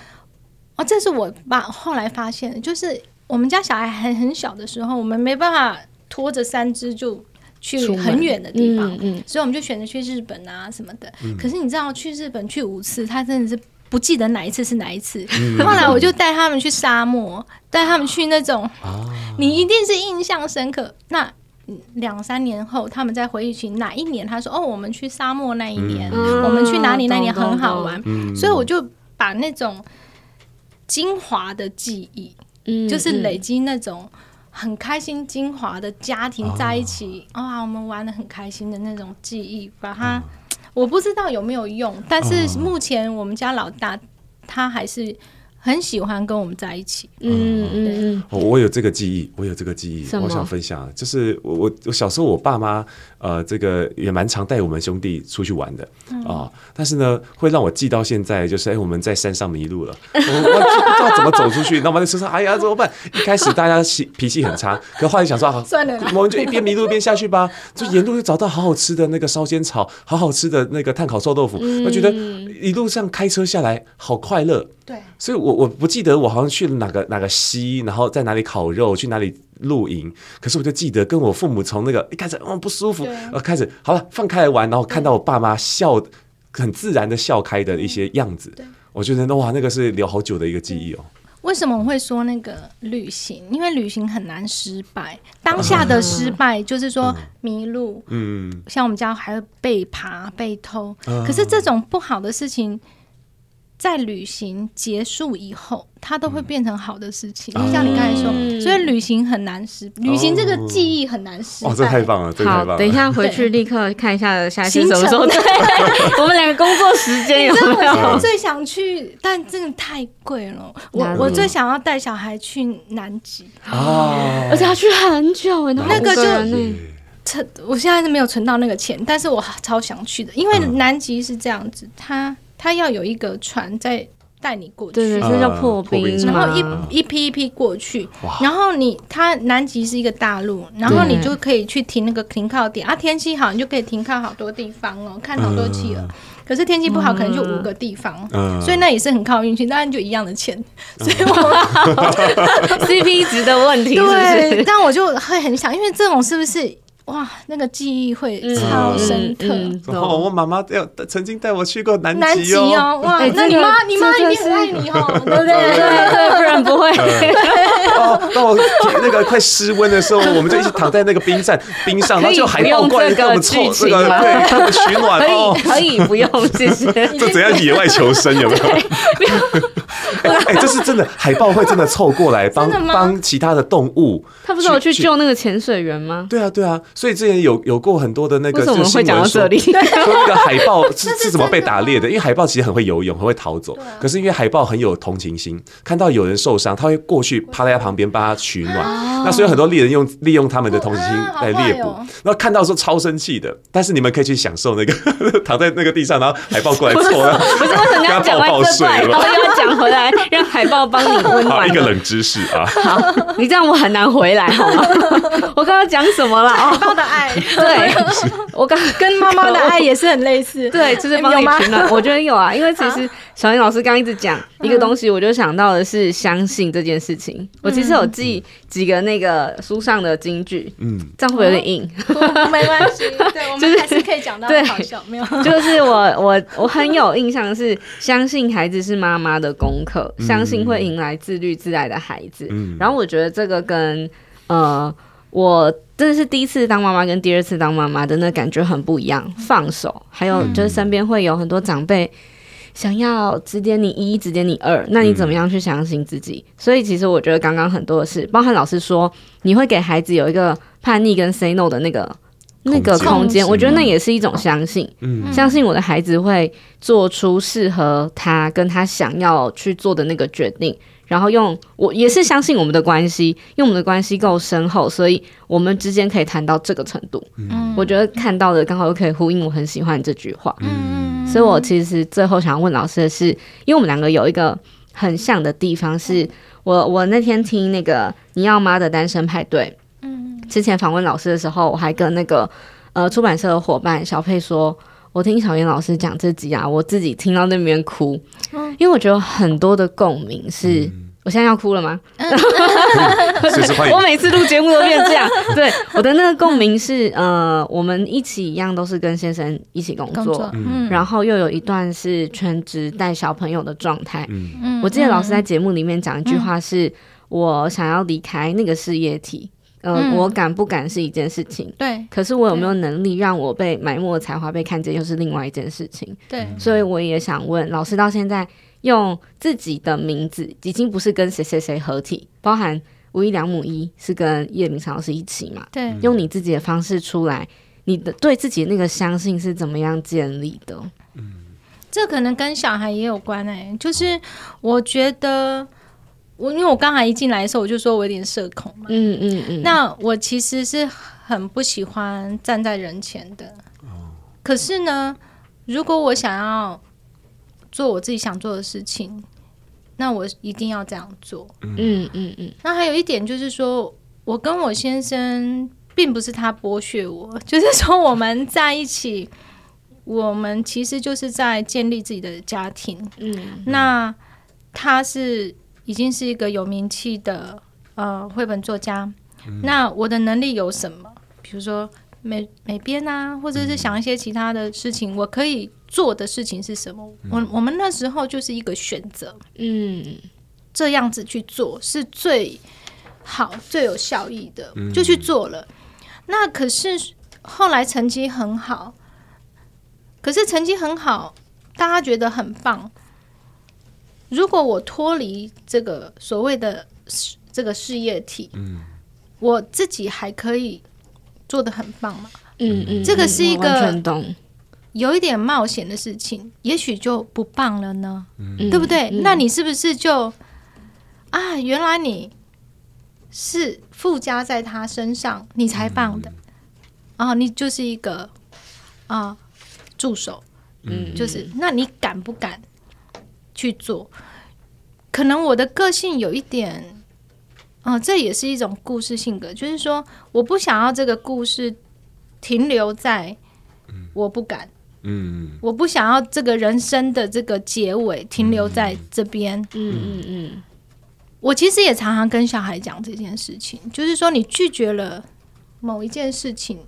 Speaker 3: 哦，這是我爸後來發現的，就是。我們家小孩很很小的時候，我們沒辦法拖着三只就去很遠的地方、嗯嗯，所以我們就選擇去日本啊什麼的。嗯、可是你知道，去日本去五次，他真的是不記得哪一次是哪一次。嗯、後來我就帶他們去沙漠，帶、嗯、他們去那種、啊，你一定是印象深刻。那兩三年後，他們在回憶起哪一年，他說：“哦，我們去沙漠那一年，嗯、我們去哪裡、嗯、那一年很好玩。嗯嗯”所以我就把那種精華的記憶。
Speaker 4: 嗯、就是累
Speaker 3: 積那種很開心精華的家庭在一起啊、嗯嗯，我們玩的很開心的那種記憶，把它、嗯，我不知道有沒有用，但是目前我們家老大他還是。很喜歡跟我們在一起。
Speaker 4: 嗯嗯嗯、
Speaker 1: 哦，我有這個記憶，我有這個記憶，我想分享。就是我我我小時候，我爸媽呃，這個也蠻常帶我們兄弟出去玩的啊、嗯哦。但是呢，會讓我記到現在，就是哎、欸，我們在山上迷路了，我
Speaker 4: 我不知道怎
Speaker 1: 麼走出去。那 我們在車上，哎呀怎麼辦？一開始大家脾氣很差， 可後來想說好、啊，
Speaker 4: 算了，我們就一邊迷
Speaker 1: 路一邊下去吧。就沿路就找到好好吃的那個燒仙草，好好吃的那個炭烤臭豆腐。我、嗯、覺得一路上開車下來，好快樂。對，所以我，我我不記得我好像去了哪個哪個溪，然後在哪裡烤肉，去哪裡露營，可是我就記得跟我父母從那個一開始嗯，不舒服，呃開始好了放開來玩，然後看到我爸媽笑，很自然的笑開的一些樣子，對，我覺得哇，那個是留好久的一個記憶哦。
Speaker 3: 為什麼我會說那個旅行？因為旅行很難失敗，當下的失敗就是說迷路，
Speaker 4: 嗯，像
Speaker 3: 我們家還會被扒、被偷、嗯，可是這種不好的事情。在旅行結束以後，它都會變成好的事情。就、嗯、像你剛才說，所以旅行很難失，嗯、旅行這個記憶很難失敗。哦，這太棒了，這
Speaker 2: 太棒了。好，等一下回去立刻看一下對下期什麼時候，對對 我們兩個工作時間有沒有？我最
Speaker 3: 想去，但真的太貴了。我我最想要帶小孩去南極，而且、啊、要去很久哎，那個就、嗯、存。我現在是沒有存到那個錢，但是我超想去的，因為南極是這樣子，他、嗯。他要有一個船在帶你過去，對對，這叫破冰。然後一一批一批過去，然後你它南極是一個大陸，然後你就可以去停那個停靠點啊。天氣好，你就可以停靠好多地方哦，看好多企鵝、嗯。可是天氣不好，嗯、可能就五個地方、嗯，所以那也是很靠運氣。當、嗯、然就一樣的錢，嗯、所
Speaker 2: 以我 ，CP 值的問題是不是？對，
Speaker 3: 但我就會很想，因為這種是不是？哇，那個記憶會超深刻、嗯嗯嗯。
Speaker 1: 哦，我媽媽要曾經帶我去過南極哦，哦。哇，欸、那你媽、這個這個、
Speaker 4: 你媽一定愛
Speaker 3: 你
Speaker 4: 哦， 對不對，對？ 對對對，不然不會。對對
Speaker 1: 對 哦，那我那個快失溫的時候，我們就一直躺在那個冰上， 冰上，然後就海豹過來，跟我們湊、那個，對，取暖。可以可以不用這些。這個哦、 謝謝 這怎樣野外求生有沒有？哎、 欸欸，這是真的，海豹會真的湊過來幫幫 其他的動物。
Speaker 2: 他不是有去，去救那個潛水員嗎？對啊，對啊。
Speaker 1: 所以之前有有過很多的那個就是新聞，為什麼，我們會講到這裡？說那個海豹是 是，是怎麼被打獵的？因為海豹其實很會游泳，很會逃走，啊。可是因為海豹很有同情心，看到有人受傷，他會過去趴在他旁邊幫他取暖。 那、啊、所以有很多獵人用利用他們的同情心來獵捕、啊哦，然後看到說超生氣的，但是你們可以去享受那個躺在那個地上，然後海豹過來搓了。 不是，為什麼要講回來？我要
Speaker 2: 講回來，讓海豹幫你溫暖。 一個
Speaker 1: 冷知識啊！
Speaker 2: 好，你這樣我很難回來，好嗎？ 我剛剛講什麼了？海豹的愛，對， 我剛跟媽媽的愛也是很類似。 對，就是幫你取暖。 我覺得有啊，因為其實曉妍老師剛一直講、嗯、一個東西，我就想到的是相信這件事情。嗯、我其實有記幾個那個。那個書上的金句，
Speaker 4: 嗯，這樣會有點
Speaker 2: 硬。哦、
Speaker 4: 沒關係，對，我們還是可以講到好笑，就是，對，沒有，
Speaker 2: 就是我我我很有印象是相信孩子是媽媽的功課， 相信會迎來自律自愛的孩子。嗯，然後我覺得這個跟呃，我真的是第一次當媽媽跟第二次當媽媽，的那感覺很不一樣，嗯。放手，還有就是身邊會有很多長輩。嗯嗯想要指點你一，指點你二，那你怎麼樣去相信自己？嗯、所以其實我覺得剛剛很多的事，包含老師說，你會給孩子有一個叛逆跟 say no 的那個
Speaker 4: 那個空間，我覺得那也
Speaker 2: 是一種相信，嗯、相信我的孩子會做出適合他跟他想要去做的那個決定。然後用我也是相信我們的關係，因為我們的關係夠深厚，所以我們之間可以談到這個程度。嗯，我覺得看到的剛好又可以呼應我很喜歡這句話。嗯，所以我其實最後想要問老師的是，因為我們兩個有一個很像的地方是，是我我那天聽那個尼奧媽的單身派對，嗯，之前訪問老師的時候，我還跟那個呃出版社的夥伴小佩說。我聽小妍老師講這集啊，我自己聽到那邊哭，哦、因為我覺得很多的共鳴是。是、嗯、我現在要哭了嗎？嗯嗯、 我每次錄節目都變這樣。 對，我的那個共鳴是、嗯、呃，我們一起一樣都是跟先生一起工作，工作嗯、然後又有一段是全職帶小朋友的狀態。嗯、我記得老師在節目裡面講一句話是，是、嗯、我想要離開那個事業體，呃、嗯，我敢不敢是一件事情，對，可是我有沒有能力讓我被埋沒的才華被看見，又是另外一件事情，對，所以我也想問、嗯、老師，到現在用自己的名字，已經不是跟誰誰誰合體，包含無意良母一是跟葉明超是一起嘛？對，用你自己的方式出來，你的對自己那個相信是怎麼樣建立的？嗯，
Speaker 3: 這可能跟小孩也有關哎、欸，就是我覺得。我因為我剛才一進來的時候，我就說我有點社恐嘛。嗯嗯嗯。那我其實是很不喜歡站在人前的。可是呢，如果我想要做我自己想做的事情，那我一定要這樣做。嗯嗯嗯。那還有一點就是說，我跟我先生並不是他剝削我，就是說我們在一起，我們其實就是在建立自己的家庭。嗯。那他是。已經是一個有名氣的呃繪本作家、嗯，那我的能力有什麼？比如說美美編啊，或者是想一些其他的事情，嗯、我可以做的事情是什麼？嗯、我我們那時候就是一個選擇，嗯，這樣子去做是最好，最有效益的，就去做了。嗯、那可是後來成績很好，可是成績很好，大家覺得很棒。如果我脫離這個所謂的這個事業體，嗯，我自己還可以做得很棒嗎？嗯嗯，這個是一個有一點冒險的事情，也許就不棒了呢。嗯，對不對？嗯嗯？那你是不是就啊？原來你是附加在他身上，你才棒的。嗯，啊，你就是一個啊助手。嗯，就是那你敢不敢？去做，可能我的個性有一點，嗯、呃，這也是一種故事性格，就是說，我不想要這個故事停留在，我不敢，嗯，嗯，我不想要這個人生的這個結尾停留在這邊，嗯嗯嗯，嗯，嗯。我其實也常常跟小孩講這件事情，就是說，你拒絕了某一件事情，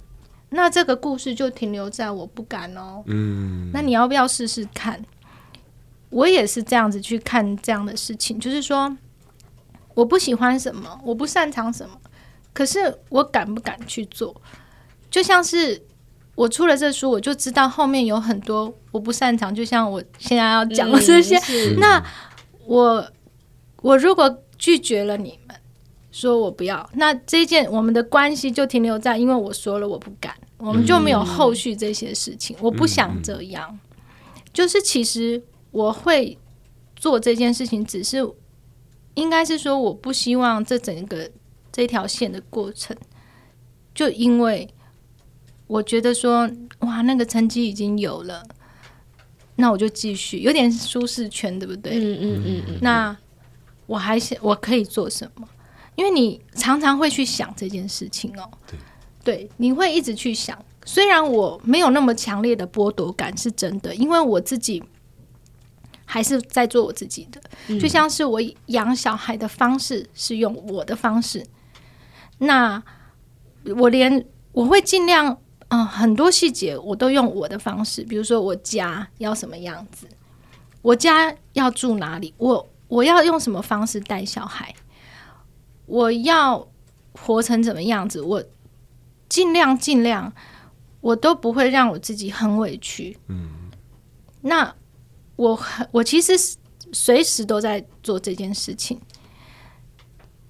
Speaker 3: 那這個故事就停留在我不敢哦，嗯，那你要不要試試看？我也是這樣子去看這樣的事情，就是說，我不喜歡什麼，我不擅長什麼，可是我敢不敢去做？就像是我出了這書，我就知道後面有很多我不擅長，就像我現在要講的這些。嗯、那我我如果拒絕了你們，說我不要，那這件我們的關係就停留在因為我說了我不敢，我們就沒有後續這些事情。嗯、我不想這樣，嗯嗯、就是其實。我會做這件事情，只是應該是說，我不希望這整個這條線的過程，就因為我覺得說，哇，那個成績已經有了，那我就繼續，有點舒適圈，對不對？嗯嗯嗯嗯。那我還想我可以做什麼？因為你常常會去想這件事情哦。對，對，你會一直去想。雖然我沒有那麼強烈的剝奪感，是真的，因為我自己。還是在做我自己的，嗯，就像是我養小孩的方式是用我的方式。那我連我會盡量，嗯，呃，很多細節我都用我的方式。比如說，我家要什麼樣子，我家要住哪裡，我我要用什麼方式帶小孩，我要活成怎麼樣子，我盡量盡量，我都不會讓我自己很委屈。嗯，那。我我其實隨時都在做這件事情。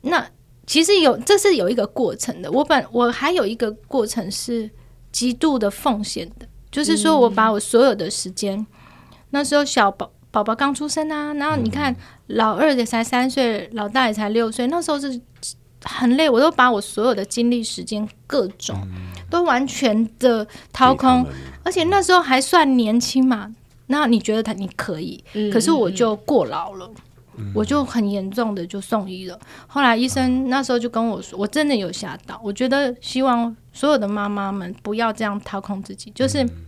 Speaker 3: 那其實有，這是有一個過程的。我本我還有一個過程是極度的奉獻的，就是說我把我所有的時間，嗯，那時候小寶寶寶剛出生啊，然後你看老二也才三歲，嗯，老大也才六歲，那時候是很累，我都把我所有的精力、時間、各種都完全的掏空，而且那時候還算年輕嘛。那你覺得他你可以、嗯，可是我就過勞了、嗯，我就很嚴重的就送醫了、嗯。後來醫生那時候就跟我說，我真的有嚇到。我覺得希望所有的媽媽們不要這樣掏空自己，就是嗯，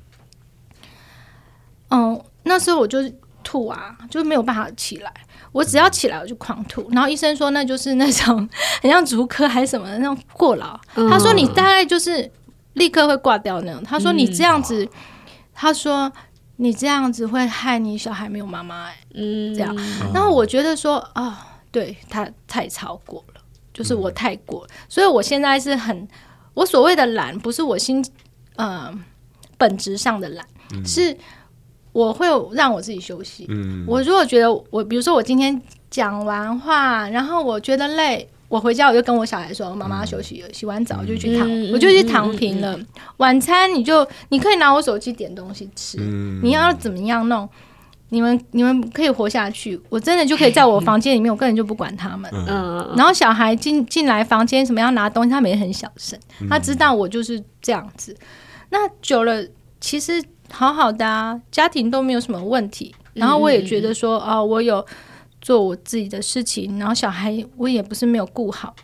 Speaker 3: 嗯，那時候我就吐啊，就沒有辦法起來。我只要起來我就狂吐。然後醫生說那就是那種很像竹科還是什麼的那種過勞、嗯。他說你大概就是立刻會掛掉那樣。他說你這樣子，嗯、他說。你這樣子會害你小孩沒有媽媽誒、嗯，這樣。然後我覺得說，哦，哦對他太超過了，就是我太過了、嗯。所以我現在是很，我所謂的懶，不是我心，呃，本質上的懶、嗯，是我會有讓我自己休息、嗯。我如果覺得我，比如說我今天講完話，然後我覺得累。我回家我就跟我小孩說，媽媽休息了，洗完澡我就去躺、嗯，我就去躺平了、嗯嗯嗯嗯。晚餐你就你可以拿我手機點東西吃，嗯、你要怎麼樣弄，你們你們可以活下去，我真的就可以在我房間裡面，嗯、我根本就不管他們、嗯。然後小孩進進來房間什麼要拿東西，他也很小聲，他知道我就是這樣子。嗯、那久了其實好好的、啊，家庭都沒有什麼問題。
Speaker 4: 然後我也覺得
Speaker 3: 說哦，我有。做我自己的事情，然後小孩我也不是沒有顧好，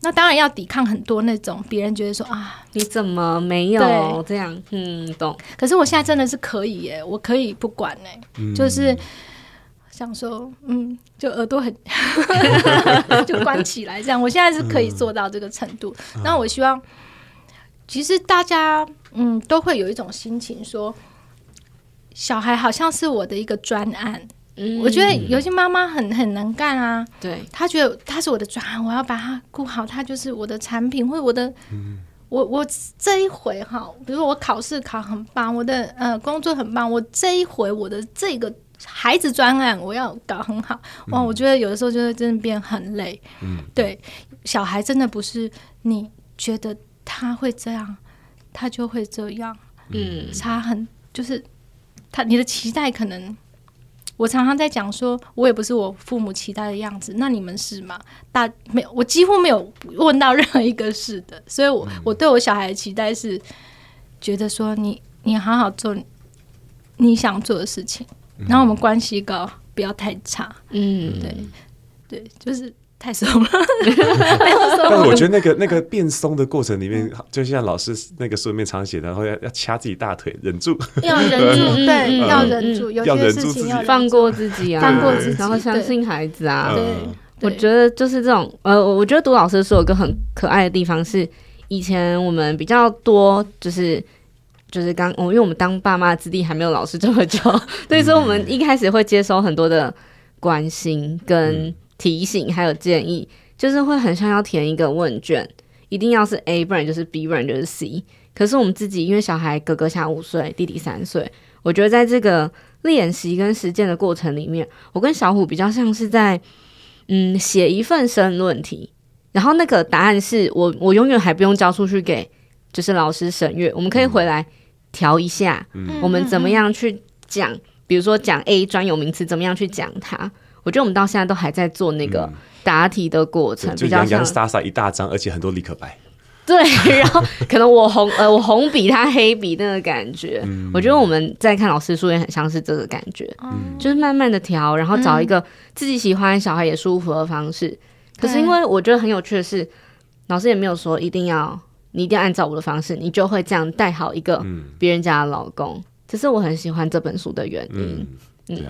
Speaker 3: 那當然要抵抗很多那種別人覺得說啊，你怎
Speaker 2: 麼沒有對
Speaker 3: 這樣？嗯，懂。可是我現在真的是可以耶、欸，我可以不管呢、欸
Speaker 4: 嗯。就是
Speaker 3: 想說，嗯，就耳朵很
Speaker 4: 就關起來這樣，
Speaker 3: 我現在是可以做到這個程度。嗯、那我希望，其實大家嗯都會有一種心情說，小孩好像是我的一個專案。 我覺得有些媽媽很很能幹啊，對，她覺得她是我的專案，我要把她顧好，她就是我的產品或者我的，嗯、我我這一回哈，比如說我考試考很棒，我的呃工作很棒，我這一回我的這個孩子專案我要搞很好。嗯、哇，我覺得有的時候就是真的變很累，嗯，對，小孩真的不是你覺得他會這樣，他就會這樣，
Speaker 4: 嗯，
Speaker 3: 他很就是他你的期待可能。我常常在講說，我也不是我父母期待的樣子。那你們是嗎？大沒有，我幾乎沒有問到任何一個是的。所以我，我、嗯、我對我小孩的期待是，覺得說你你好好做你想做的事情，嗯、然後我們關係搞不要太差。嗯，對對，就是。
Speaker 4: 太鬆了， 但是我覺
Speaker 1: 得那個那個變鬆的過程裡面， 就像老師那個書裡面常寫的，然後要要掐自己大腿，忍住，要忍住， 嗯、對、嗯，要忍住、嗯，有些事
Speaker 2: 情要忍住放過自己啊，放過自己，然後相信孩子啊對對。對，我覺得就是這種，呃，我覺得讀老師書有個很可愛的地方是，以前我們比較多、就是，就是就是剛，因為我們當爸媽的資歷還沒有老師這麼久，嗯、 所以說我們一開始會接收很多的關心跟、嗯。提醒還有建議，就是會很像要填一個問卷，一定要是 A，不然就是 B，不然就是 C。可是我們自己，因為小孩哥哥才五歲，弟弟三歲，我覺得在這個練習跟實踐的過程裡面，我跟小虎比較像是在嗯寫一份申論題，然後那個答案是我我永遠還不用交出去給就是老師審閱，我們可以回來調一下，我們怎麼樣去講，比如說講 A 專有名詞，怎麼樣去講它。我覺得我們到現在都還在做那個答題的過程，嗯、就洋洋灑
Speaker 1: 灑一大張，而且很多立可白。
Speaker 2: 對，然後可能我紅 呃我紅筆，他黑筆那個感覺、
Speaker 4: 嗯。
Speaker 2: 我覺得我們在看老師書也很像是這個感覺，嗯、就是慢慢的調，然後找一個自己喜歡、小孩也舒服的方式。嗯、可是，因為我覺得很有趣的是，老師也沒有說一定要，你一定要按照我的方式，你就會這樣帶好一個別人家的老公。這、嗯、是我很喜歡這本書的原
Speaker 4: 因。
Speaker 1: 嗯。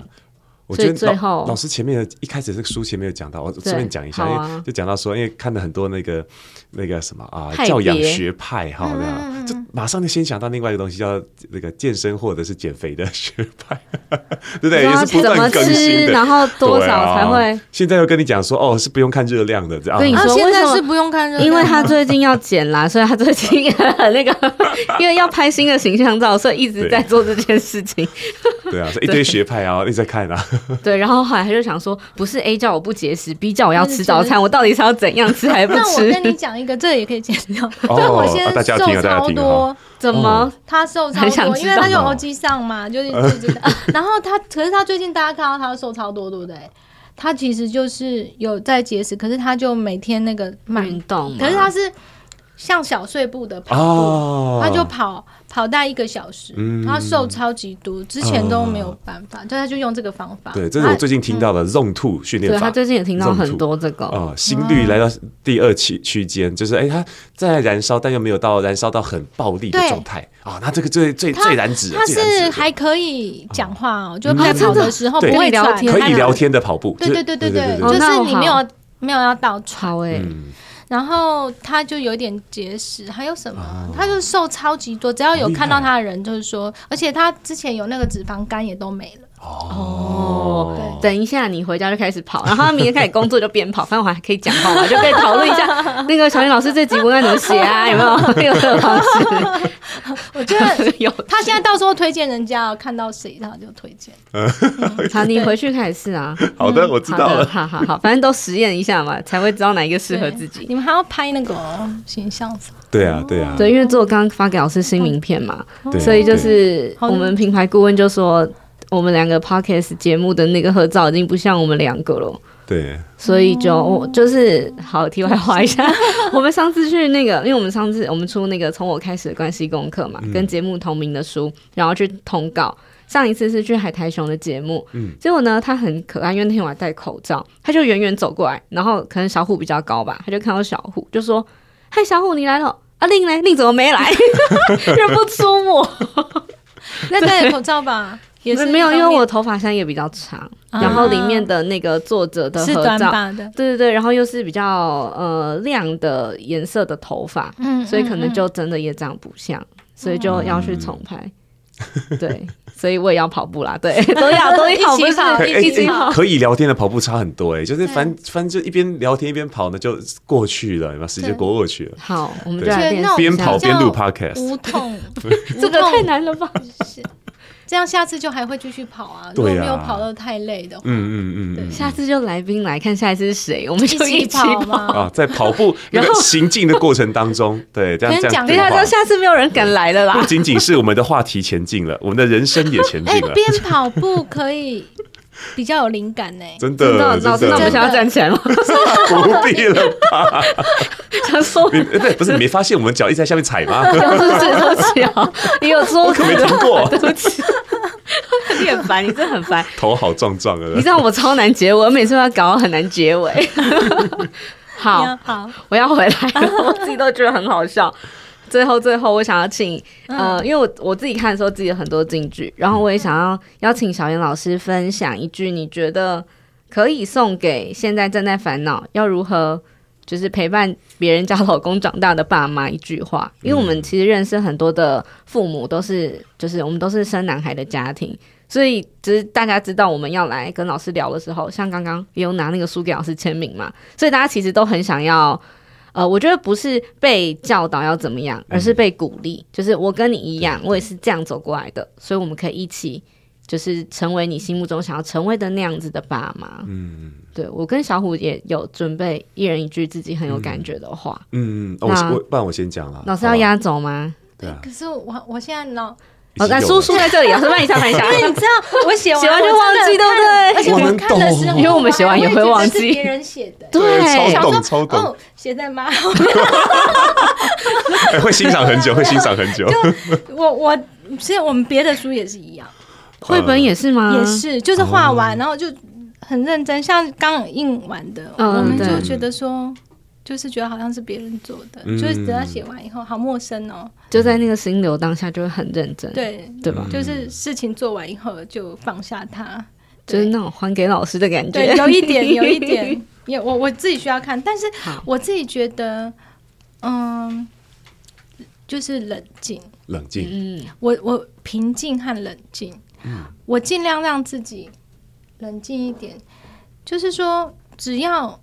Speaker 1: 我覺得最後老師前面一開始這個書前沒有講到，我順便講一下，啊、就講到說，因為看了很多那個那個什麼啊，教養學派，哈、嗯喔，就馬上就先想到另外一個東西，叫那個健身或者是減肥的學派，嗯、呵呵對對對？也是不算更新怎麼吃，然後多少才會？啊、現在又跟你講說，哦、喔，是不用看熱量的，這、啊、樣。跟你說，現
Speaker 2: 在是不用看熱量，因為他最近要減啦， 所以他最近那個。 因為要拍新的形象照，所以一直在做這件事情。
Speaker 1: 對啊，一堆學派啊，一直在看啊。
Speaker 2: 對，然後後來他就想說，不是 A 叫我不節食，B 叫我要吃早餐，我到底是要怎樣吃還不吃？那我跟
Speaker 3: 你講一個，這個、也可以剪掉。 哦，大家要聽瘦大家要聽超多、哦？怎麼、哦、他瘦超多？因為他就 O G 上嘛、哦，就是、呃、 然後他，可是他最近大家看到他瘦超多，對不對？他其實就是有在節食，可是他就每天那個慢運動，可是他是。像小碎步的跑步，oh, 他就跑跑大一個小時，嗯、他瘦超級多，之前都沒有辦法，但、oh, 他就用這個方法。對，這是我最近
Speaker 1: 聽到的 Zone Two 訓練法。對他最
Speaker 3: 近也聽到很
Speaker 1: 多這個、oh, 心率來到第二區區間、oh.，就是哎、欸、他在燃燒，oh. 但又沒有到燃燒到很暴力的狀態啊。那、oh, 這個最最最燃脂的他，他是
Speaker 3: 還可以講話、哦，oh. 就快跑的時候不、oh, 會聊天，可以聊天
Speaker 1: 的跑步。就是跑步就是、對對對對對，對，oh, 就是你沒有
Speaker 3: 沒有要到超哎、欸。嗯。然後他就有點節食，還有什麼？他就瘦超級多，只要有看到他的人，就是說，而且他之前有那個脂肪肝也都沒了。哦、
Speaker 2: oh, oh,，等一下，你回家就開始跑，然後他明天開始工作就邊跑。 反正我還可以講話，我 就可以討論一下那個小林老師這集應該怎麼寫啊？ 有沒有那個？ 我覺
Speaker 4: 得
Speaker 3: 有。他現在到時候推薦人家， 看到誰他就推薦。
Speaker 2: 好、 嗯啊，你回去開始試啊。好的，我知道了。好好好，反正都實驗一下嘛，才會知道哪一
Speaker 3: 個適合自己。你們還要拍那個形象照？
Speaker 1: 對啊，對啊。對，因
Speaker 3: 為做剛剛發
Speaker 2: 給老師新名片嘛、oh.，所以就是我們品牌顧問就說。我們兩個 podcast 節目的那個合照已經不像我們兩個了。對。所以就、oh. 就是好題外話一下， 我們上次去那個，因為我們上次我們出那個《從我開始的關係功課》嘛、嗯，跟節目同名的書，然後去通告。上一次是去海苔熊的節目、嗯，結果呢，他很可愛，因為那天我還戴口罩，他就遠遠走過來，然後可能小虎比較高吧，他就看到小虎，就說：“嗨， 小虎你來了，啊！令呢？令怎麼沒來？
Speaker 4: 認 不
Speaker 2: 出說我
Speaker 3: 那戴口罩吧。” 也是沒有，因為我
Speaker 2: 頭髮現在也比較長，啊、然後裡面的那個作者的合照是的，對對對，然後又是比較呃亮的顏色的頭髮嗯，嗯，所以可能就真的也長不像，嗯、所以就要去重拍、嗯。
Speaker 4: 對，
Speaker 2: 所以我也要跑步啦，對，都、嗯、要都、嗯嗯、 一起跑，
Speaker 4: 一起跑，可
Speaker 1: 以聊天的跑步差很多哎、欸，就是反、欸就是、反,反正就一邊聊天一邊跑呢，就過去了，你知道時間過過去了。好，我們就要邊跑邊錄 podcast，無
Speaker 3: 痛，這個 太難了吧？ 這樣下次就還會繼續跑啊，對啊！如果沒有跑到太累的
Speaker 4: 話，嗯嗯嗯對，
Speaker 2: 下次就來賓來看，下一次是誰？我們就一起一起跑
Speaker 1: 嗎？啊，在跑步然後行進的過程當中， 對，這樣講這樣。講一下，就下
Speaker 2: 次沒有人
Speaker 3: 敢來了啦。不僅
Speaker 1: 僅是我們的話題前進了， 我們的人生也前進了。邊
Speaker 3: 欸、跑步可以。 比較有靈感呢、欸，
Speaker 1: 真的，真的，那我們現
Speaker 3: 在要站起來嗎？ 不必了吧。 想說、
Speaker 1: 欸，哎，對，不是，是沒發現我們腳一直在下面踩嗎？ 對是
Speaker 2: 這雙你有說過？我可沒說過、啊，對不起。 你很煩，你真的很煩。
Speaker 1: 頭好壯壯啊！你知道
Speaker 2: 我超難結尾，我每次都要搞我很難結尾。 好好，我要回來，我自己都覺得很好笑。最後，最後，我想要請呃，因為我我自己看的時候，自己有很多金句，然後我也想要邀請小妍老師分享一句，你覺得可以送給現在正在煩惱要如何就是陪伴別人家老公長大的爸媽一句話。嗯，因為我們其實認識很多的父母，都是就是我們都是生男孩的家庭，所以就是大家知道我們要來跟老師聊的時候，像剛剛也有拿那個書給老師簽名嘛，所以大家其實都很想要。呃，我覺得不是被教導要怎麼樣，而是被鼓勵。嗯。就是我跟你一樣，對對對，我也是這樣走過來的，所以我們可以一起，就是成為你心目中想要成為的那樣子的爸媽。嗯，對，我跟小虎也有準備一人一句自己很有感覺的話。
Speaker 1: 嗯嗯、哦，我，那不然我先講了。老師要壓
Speaker 2: 軸嗎？啊。
Speaker 3: 對啊。對，可是我我現在呢？哦，那
Speaker 2: 書書在這裡，老師幫你擦，幫一下因為 你這樣，我寫完我就忘記，都對。而且我們，看的時候我我因為我們寫完也會忘記。別
Speaker 3: 人寫的、欸，對，對，超懂超懂。寫、哦、在媽
Speaker 1: 哈哈會欣賞很久， 會欣賞很
Speaker 4: 久。就
Speaker 3: 我我其實我們別的書也是一樣，
Speaker 4: 繪、呃、本也是嗎？也是，就是畫
Speaker 3: 完然後就很認真，像剛印完的，嗯、我們就覺得說。嗯嗯就是覺得好像是別人做的、嗯，就是等他寫完以後，好陌生哦。
Speaker 2: 就在那個心流當下，就會很認真，嗯、對對吧？就是
Speaker 3: 事情做完以後，就放下它、嗯，
Speaker 2: 就是那種還給老師的感覺。 有一點，有一
Speaker 3: 點，有我我自己需要看，但是我自己覺得，嗯，就是冷靜，冷靜。嗯，我我平靜和冷靜、嗯，我盡量讓自己冷靜一點，就是說只要。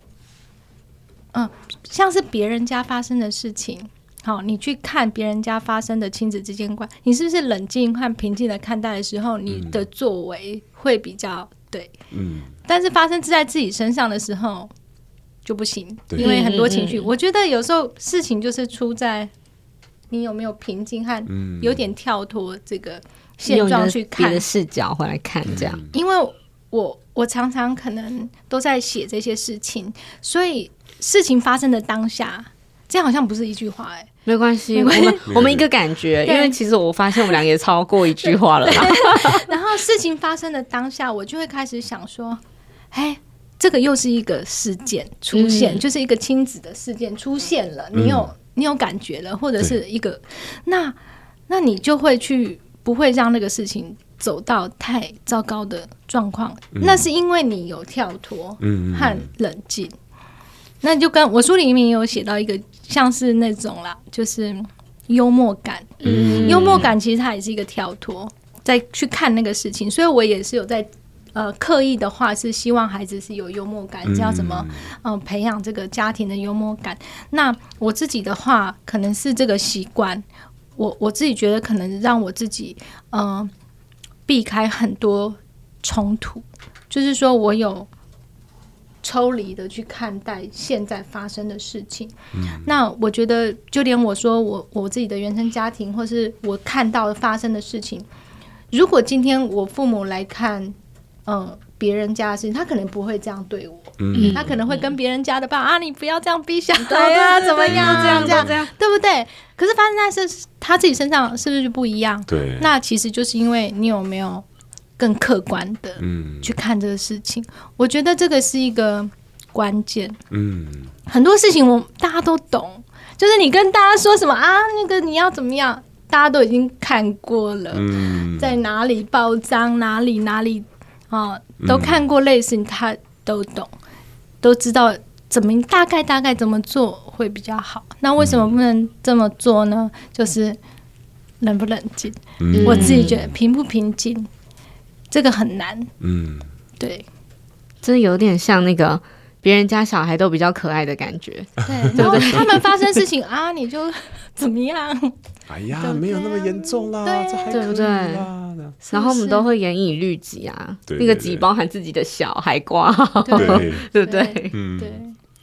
Speaker 3: 嗯，像是別人家發生的事情，好，你去看別人家發生的親子之間關，你是不是冷靜和平靜地看待的時候，你的作為會比較對。嗯，
Speaker 4: 對，
Speaker 3: 但是發生在自己身上的時候就不行，對，因為很多情緒、嗯。我覺得有時候事情就是出在你有沒有平靜和有點跳脫這個現狀去看、嗯、你有你的別
Speaker 2: 的視角，回來看這樣。嗯、
Speaker 3: 因為我我常常可能都在寫這些事情，所以。事情發生的當下，這好像不是一句話哎、欸，沒關
Speaker 2: 係，我們 我們一個感覺，因為其實我發現我們兩個也超過一句話了吧，
Speaker 3: 然後事情發生的當下，我就會開始想說，哎， 這個又是一個事件出現，嗯、就是一個親子的事件出現了，嗯、你有你有感覺了，或者是一個那那你就會去不會讓那個事情走到太糟糕的狀況，嗯、那是因為你有跳脫嗯和冷靜。嗯嗯嗯嗯。那就跟我書裡面也有寫到一個，像是那種啦，就是幽默感。嗯，
Speaker 4: 幽默感
Speaker 3: 其實它也是一個跳脫，再去看那個事情。所以我也是有在，呃，刻意的話是希望孩子是有幽默感，知道怎麼，嗯、呃，培養這個家庭的幽默感、嗯。那我自己的話，可能是這個習慣，我我自己覺得可能讓我自己，嗯、呃，避開很多衝突。就是說我有。抽離的去看待現在發生的事情，嗯、那我覺得，就連我說我我自己的原生家庭，或是我看到發生的事情，如果今天我父母來看，嗯、呃，別人家的事情，他可能不會這樣對我，嗯、他可能會跟別人家的爸爸啊，你不要這樣逼小孩啊、啊、啊，怎麼樣，這樣這樣、這樣，對不對？可是發生在是他自己身上，是不是就不一樣？對，那其實就是因為你有沒有。更客觀的，去看這個事情、嗯，我覺得這個是一個關鍵，嗯，很多事情我大家都懂，就是你跟大家說什麼啊，那個你要怎麼樣，大家都已經看過了，嗯、在哪裡報章，哪裡哪裡啊，都看過，類似他都懂、嗯，都知道怎麼大概大概怎麼做會比較好，那為什麼不能這麼做呢？嗯、就是冷不冷靜、嗯，我自己覺得平不平靜。這個很難，
Speaker 2: 嗯，對，真的有點像那個別人家小孩都比較可愛的感覺，
Speaker 4: 對，然後、哦、 他
Speaker 3: 們發生事情啊，你就怎麼樣？
Speaker 4: 哎呀，
Speaker 3: 沒有那麼嚴重啦，對，對不對，是不是？然後我們都會
Speaker 2: 嚴以律己啊，對對對，那個己包含自己的小孩瓜，對 對不對，對？嗯，對，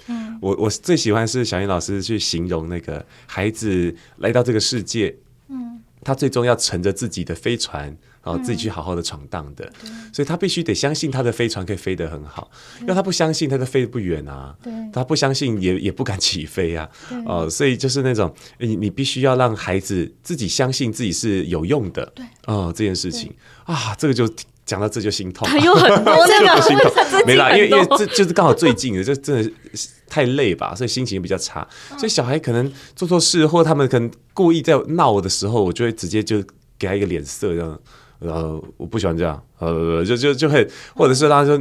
Speaker 4: 嗯、我
Speaker 1: 我最喜歡是小英老師去形容那個孩子來到這個世界，嗯、他最終要乘着自己的飛船。然後，自己去好好的闖蕩的、嗯，所以他必須得相信他的飛船可以飛得很好，因為他不相信他就飛不遠啊，他不相信也也不敢起飛啊，哦、呃，所以就是那種你你必須要讓孩子自己相信自己是有用的，哦、呃，這件事情啊，這個就講到這就心痛，還有很多真不 心痛，沒啦，因為因為這就是剛好最近的，這真的是太累吧， 所以心情比較差、嗯，所以小孩可能做錯事，或他們可能故意在鬧我的時候，我就會直接就給他一個臉色這樣。然後我不喜歡這樣，呃，就就就會，或者是他說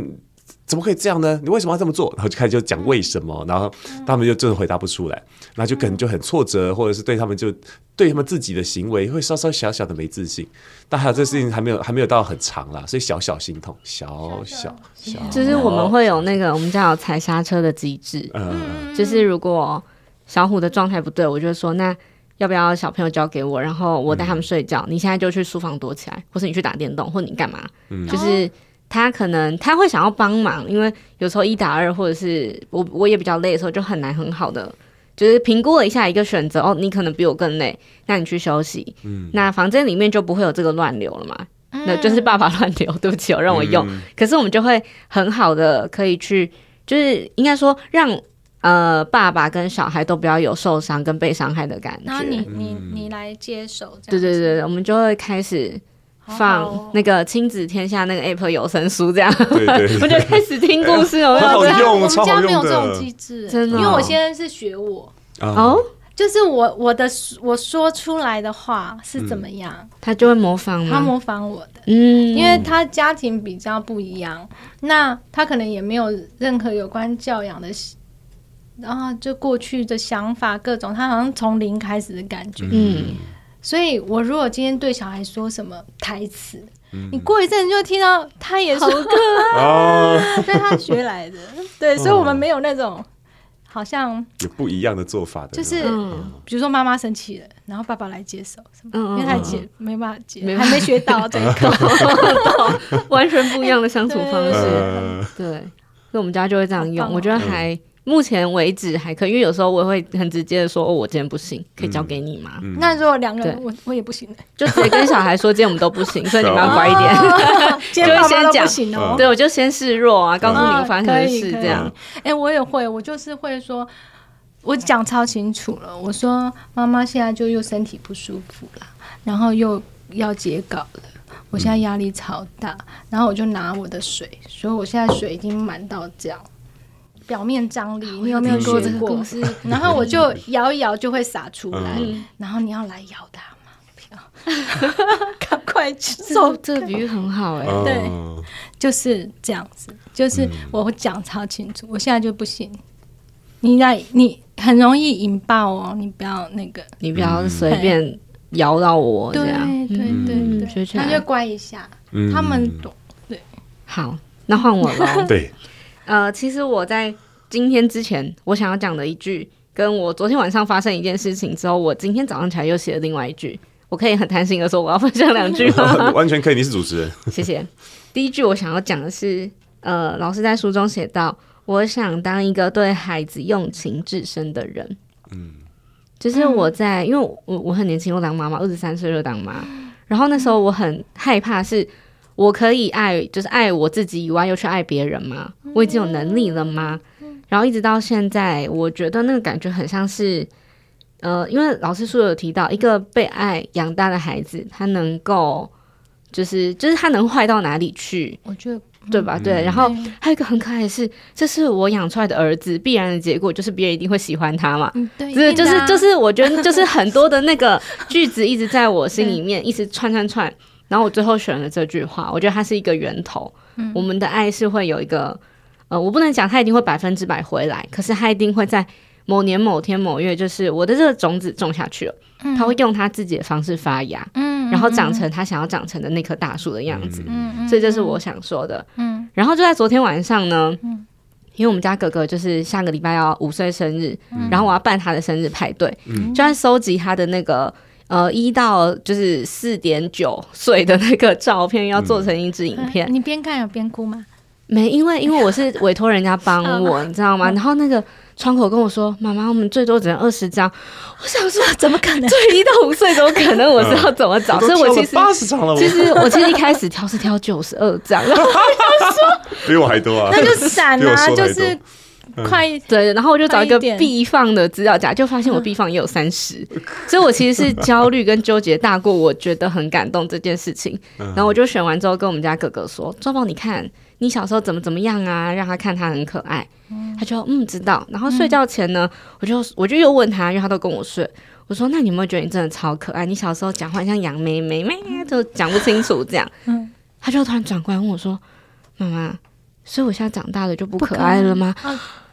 Speaker 1: 怎麼可以這樣呢？你為什麼要這麼做？然後就開始就講為什麼，然後他們就真的回答不出來，然後就可能就很挫折，或者是對他們就對他們自己的行為會稍稍小小小的沒自信。但還有這事情還沒有還沒有到很長啦，所以小小心痛，小小小，就是我們
Speaker 2: 會有那個我們叫踩剎車的機制，嗯嗯，就是如果小虎的狀態不對，我就說那。要不要小朋友交給我，然後我帶他們睡覺、嗯？你現在就去書房躲起來，或是你去打電動，或者你幹嘛、嗯？就是他可能他會想要幫忙，因為有時候一打二，或者是我我也比較累的時候，就很難很好的就是評估了一下一個選擇。哦，你可能比我更累，那你去休息。嗯、那房間裡面就不會有這個亂流了嘛？嗯、那就是爸爸亂流，對不起，我讓我用、嗯。可是我們就會很好的可以去，就是應該說讓。呃，爸爸跟小孩都不要有受傷跟被傷害的感覺。然後你
Speaker 3: 你你來接手，
Speaker 2: 對對對，我們就會開始放那個親子天下那個 app 有聲書這樣、哦， 我就開始聽故事哦。好用，我們
Speaker 4: 家沒有這種機
Speaker 3: 制。真的，因為我現在是學我哦、嗯，就是我我的我說出來的話是怎麼樣，
Speaker 2: 嗯、他就會模仿，他模仿我的，嗯，因為他
Speaker 3: 家庭比較不一樣，嗯、那他可能也沒有任何有關教養的。然後就過去的想法各種，他好像從零開始的感覺。嗯，所以我如果今天對小孩說什麼台詞，嗯、你過一陣就聽到他也說啊，
Speaker 4: 是 他學
Speaker 3: 來的、哦。對，所以我們沒有那種、哦、好像有、
Speaker 1: 就是、不一樣的做法的，就是、
Speaker 3: 嗯、比如說媽媽生氣了，然後爸爸來接手，什麼，嗯嗯，因為他接沒辦法接，沒還沒學到這一套， 完全不一樣的
Speaker 2: 相處方式對、嗯。對，所以我們家就會這樣用，哦、我覺得還。嗯目前為止還可以，因為有時候我會很直接的說、哦，我今天不行，可以交給你嗎？那如
Speaker 4: 果兩個人，我我
Speaker 3: 也不行，
Speaker 2: 就直接跟小孩說， 今天我們都不行，所以你不要乖一點，哦、
Speaker 3: 就會先講、
Speaker 2: 哦、對，我就先示弱啊，告訴你反正可以是這樣。
Speaker 3: 哎，我也會，我就是會說，我講超清楚了，我說媽媽現在就又身體不舒服了，然後又要截稿了，我現在壓力超大、嗯，然後我就拿我的水，所以我現在水已經滿到這樣。表面張力，你有沒有學過？嗯、然後我就搖一搖就會灑出來、嗯。然後你要來搖他嗎？不要，趕 快去做。這個比喻很好哎、欸哦，對，就是這樣子。就是我講超清楚、嗯，我現在就不行。你在你很容易引爆哦，你不要那個，你不要隨便
Speaker 2: 搖到我這樣。對對對，對，對，那、嗯、就
Speaker 3: 乖一下，嗯、他們懂。對，
Speaker 2: 好，那換我了。 對。呃，其實我在今天之前，我想要講的一句，跟我昨天晚上發生一件事情之後，我今天早上起來又寫了另外一句。我可以很貪心的說，我要分享兩句嗎？
Speaker 1: 完全可以，你是主持人。
Speaker 2: 謝謝。第一句我想要講的是，呃，老師在書中寫到，我想當一個對孩子用情至深的人。嗯，就是我在，因為我我很年輕，我當媽媽，二十三歲就當媽，然後那時候我很害怕是。我可以愛，就是愛我自己以外，又去愛別人嗎？我已經有能力了嗎、嗯？然後一直到現在，我覺得那個感覺很像是，呃，因為老師說有提到，一個被愛養大的孩子，他能夠，就是就是他能壞到哪裡去？我覺得對吧、嗯？對。然後還有一個很可愛的是，這是我養出來的兒子，必然的結果就是別人一定會喜歡他嘛？嗯、
Speaker 4: 對、啊，就是就是我覺得就是
Speaker 2: 很多的那個句子一直在我心裡面 一直串串串。然後我最後選了這句話，我覺得它是一個源頭、嗯。我們的愛是會有一個，呃，我不能講它一定會百分之百回來，可是它一定會在某年某天某月，就是我的這個種子種下去了，嗯、它會用它自己的方式發芽、嗯，然後長成它想要長成的那棵大樹的樣子，嗯、所以這是我想說的、嗯嗯，然後就在昨天晚上呢、嗯，因為我們家哥哥就是下個禮拜要五歲生日、嗯，然後我要辦他的生日派對，嗯、就在收集他的那個。呃，一到就是四點九歲的那個照片、嗯，要做成一支影片。嗯、你
Speaker 3: 邊看有邊哭嗎？
Speaker 2: 沒，因為因為我是委托人家幫我、嗯，你知道嗎？然後那個窗口跟我說：“媽、嗯、媽，我們最多只能二十張。嗯”我想說，怎麼可能？最一到五歲怎麼可能？我是要怎麼找、嗯，所以我其實八十張了,了。其實我其實一開始挑是挑九十二張，然後
Speaker 4: 我
Speaker 1: 就說 比我還多啊，那就閃啊，就是。
Speaker 2: 快、嗯、一點，然後我就找一個必放的資料夾，就發現我必放也有三十、嗯，所以我其實是焦慮跟糾結大過我覺得很感動這件事情、嗯。然後我就選完之後跟我們家哥哥說：“壯、嗯、壯，你看你小時候怎麼怎麼樣啊？”讓他看他很可愛，嗯、他就說嗯知道。然後睡覺前呢，嗯、我就我就又問他，因為他都跟我睡。我說：“那你有沒有覺得你真的超可愛？你小時候講話像楊梅梅，就講不清楚這樣。嗯”他就突然轉過來問我說：“媽媽，所以我現在長大了就不可愛了嗎？”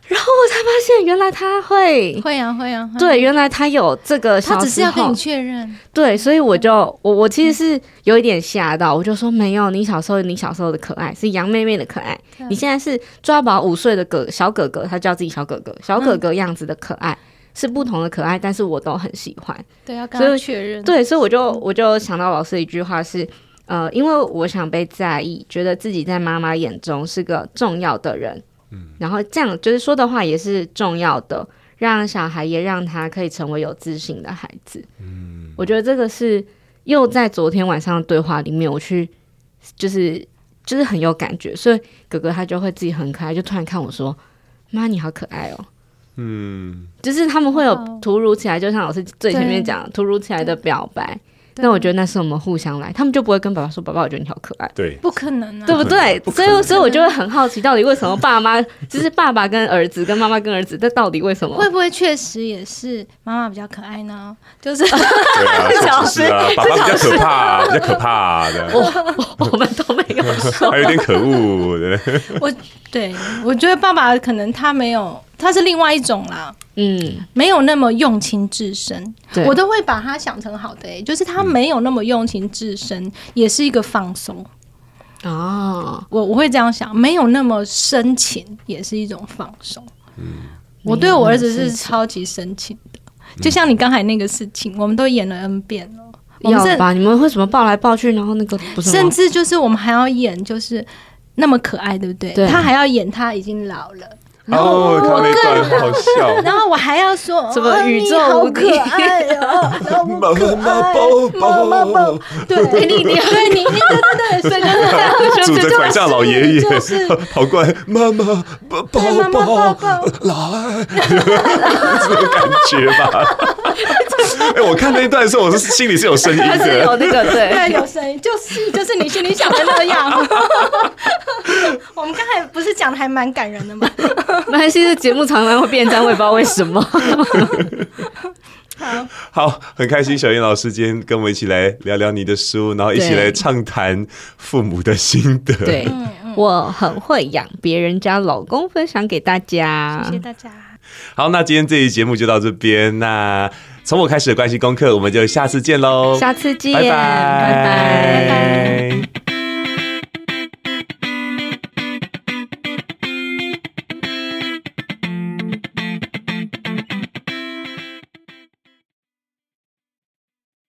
Speaker 2: 然後我才發現，原來他
Speaker 3: 會會呀、啊、會呀、啊會。啊、對，原
Speaker 2: 來他有這個小時候。他只是要跟你確認。對，所以我就我我其實是有一點嚇到、嗯，我就說沒有，你小時候你小時候的可愛是楊妹妹的可愛，你現在是抓寶五歲的哥小哥哥，他叫自己小哥哥，小哥哥樣子的可愛、嗯、是不同的可愛，但是我都很喜歡。
Speaker 3: 對，要跟他確認。對，
Speaker 2: 所以我就我就想到老師一句話是，呃，因為我想被在意，覺得自己在媽媽眼中是個重要的人。然後這樣就是說的話也是重要的，讓小孩也讓他可以成為有自信的孩子。嗯，我覺得這個是又在昨天晚上的對話裡面，我去就是就是很有感覺，所以哥哥他就會自己很可愛，就突然看我說：“媽，你好可愛哦。”嗯，就是他們會有突如其來，就像老師最前面講的，突如其來的表白。那我覺得那是我們互相來，他們就不會跟爸爸說：“爸爸，我覺得你好可愛。”對啊、對，對，不可能，啊，對不對？所以，所以我就會很好奇，到底為什麼爸媽，就 是爸爸跟兒子，跟媽媽跟兒子，這到底為什麼？ 會
Speaker 3: 不會確實也是媽媽比較可愛呢？就是對、啊，哈 哈，小啊，爸
Speaker 4: 爸比較可怕、啊，比較
Speaker 1: 可怕的、啊 啊。我我，我們都沒有說 還有點可惡。對 我
Speaker 3: 對我覺得爸爸可能他沒有。他是另外一種啦，嗯，沒有那麼用情至深，我都會把他想成好的、欸、就是他沒有那麼用情至深，嗯，也是一個放鬆哦，我我會這樣想，沒有那麼深情，也是一種放鬆。嗯，我對我兒子是超級深情的，嗯，就像你剛才那個事情，我們都演了 n 遍了，我們是把、嗯、你們為什麼抱來抱去？然後那個甚至就是我們還要演，就是那麼可愛，對不對，對？他還要演他已經老了。
Speaker 1: 哦、oh, 看那段好笑，
Speaker 3: 然後我還要說什麼 宇宙好可愛、啊 ，
Speaker 1: 媽媽抱抱抱
Speaker 3: 抱，對，欸、你 你你你真的，對對對，就是拐杖
Speaker 1: 老爺爺，就是好乖，媽媽
Speaker 4: 抱抱抱，老
Speaker 3: 來，這種
Speaker 1: 感覺吧。哎，我看那一段的時候，我是心裡是有聲音的，
Speaker 3: 的有那、這個對，有聲音，就是你就是你心裡想的那樣。我們剛才不是講的還蠻感人的嗎？就是蠻開
Speaker 2: 心，的節目常常會變單位，不知道為什麼
Speaker 1: 好，好，很開心，曉妍老師今天跟我一起來聊聊你的書，然後一起來暢談父母的心得。對，對
Speaker 2: 我很會養別人家老公，分享給大家。謝謝大
Speaker 1: 家。好，那今天這一節目就到這邊。那從我開始的關係功課，我們就下次見嘍。下
Speaker 4: 次見，拜拜，拜拜。Bye bye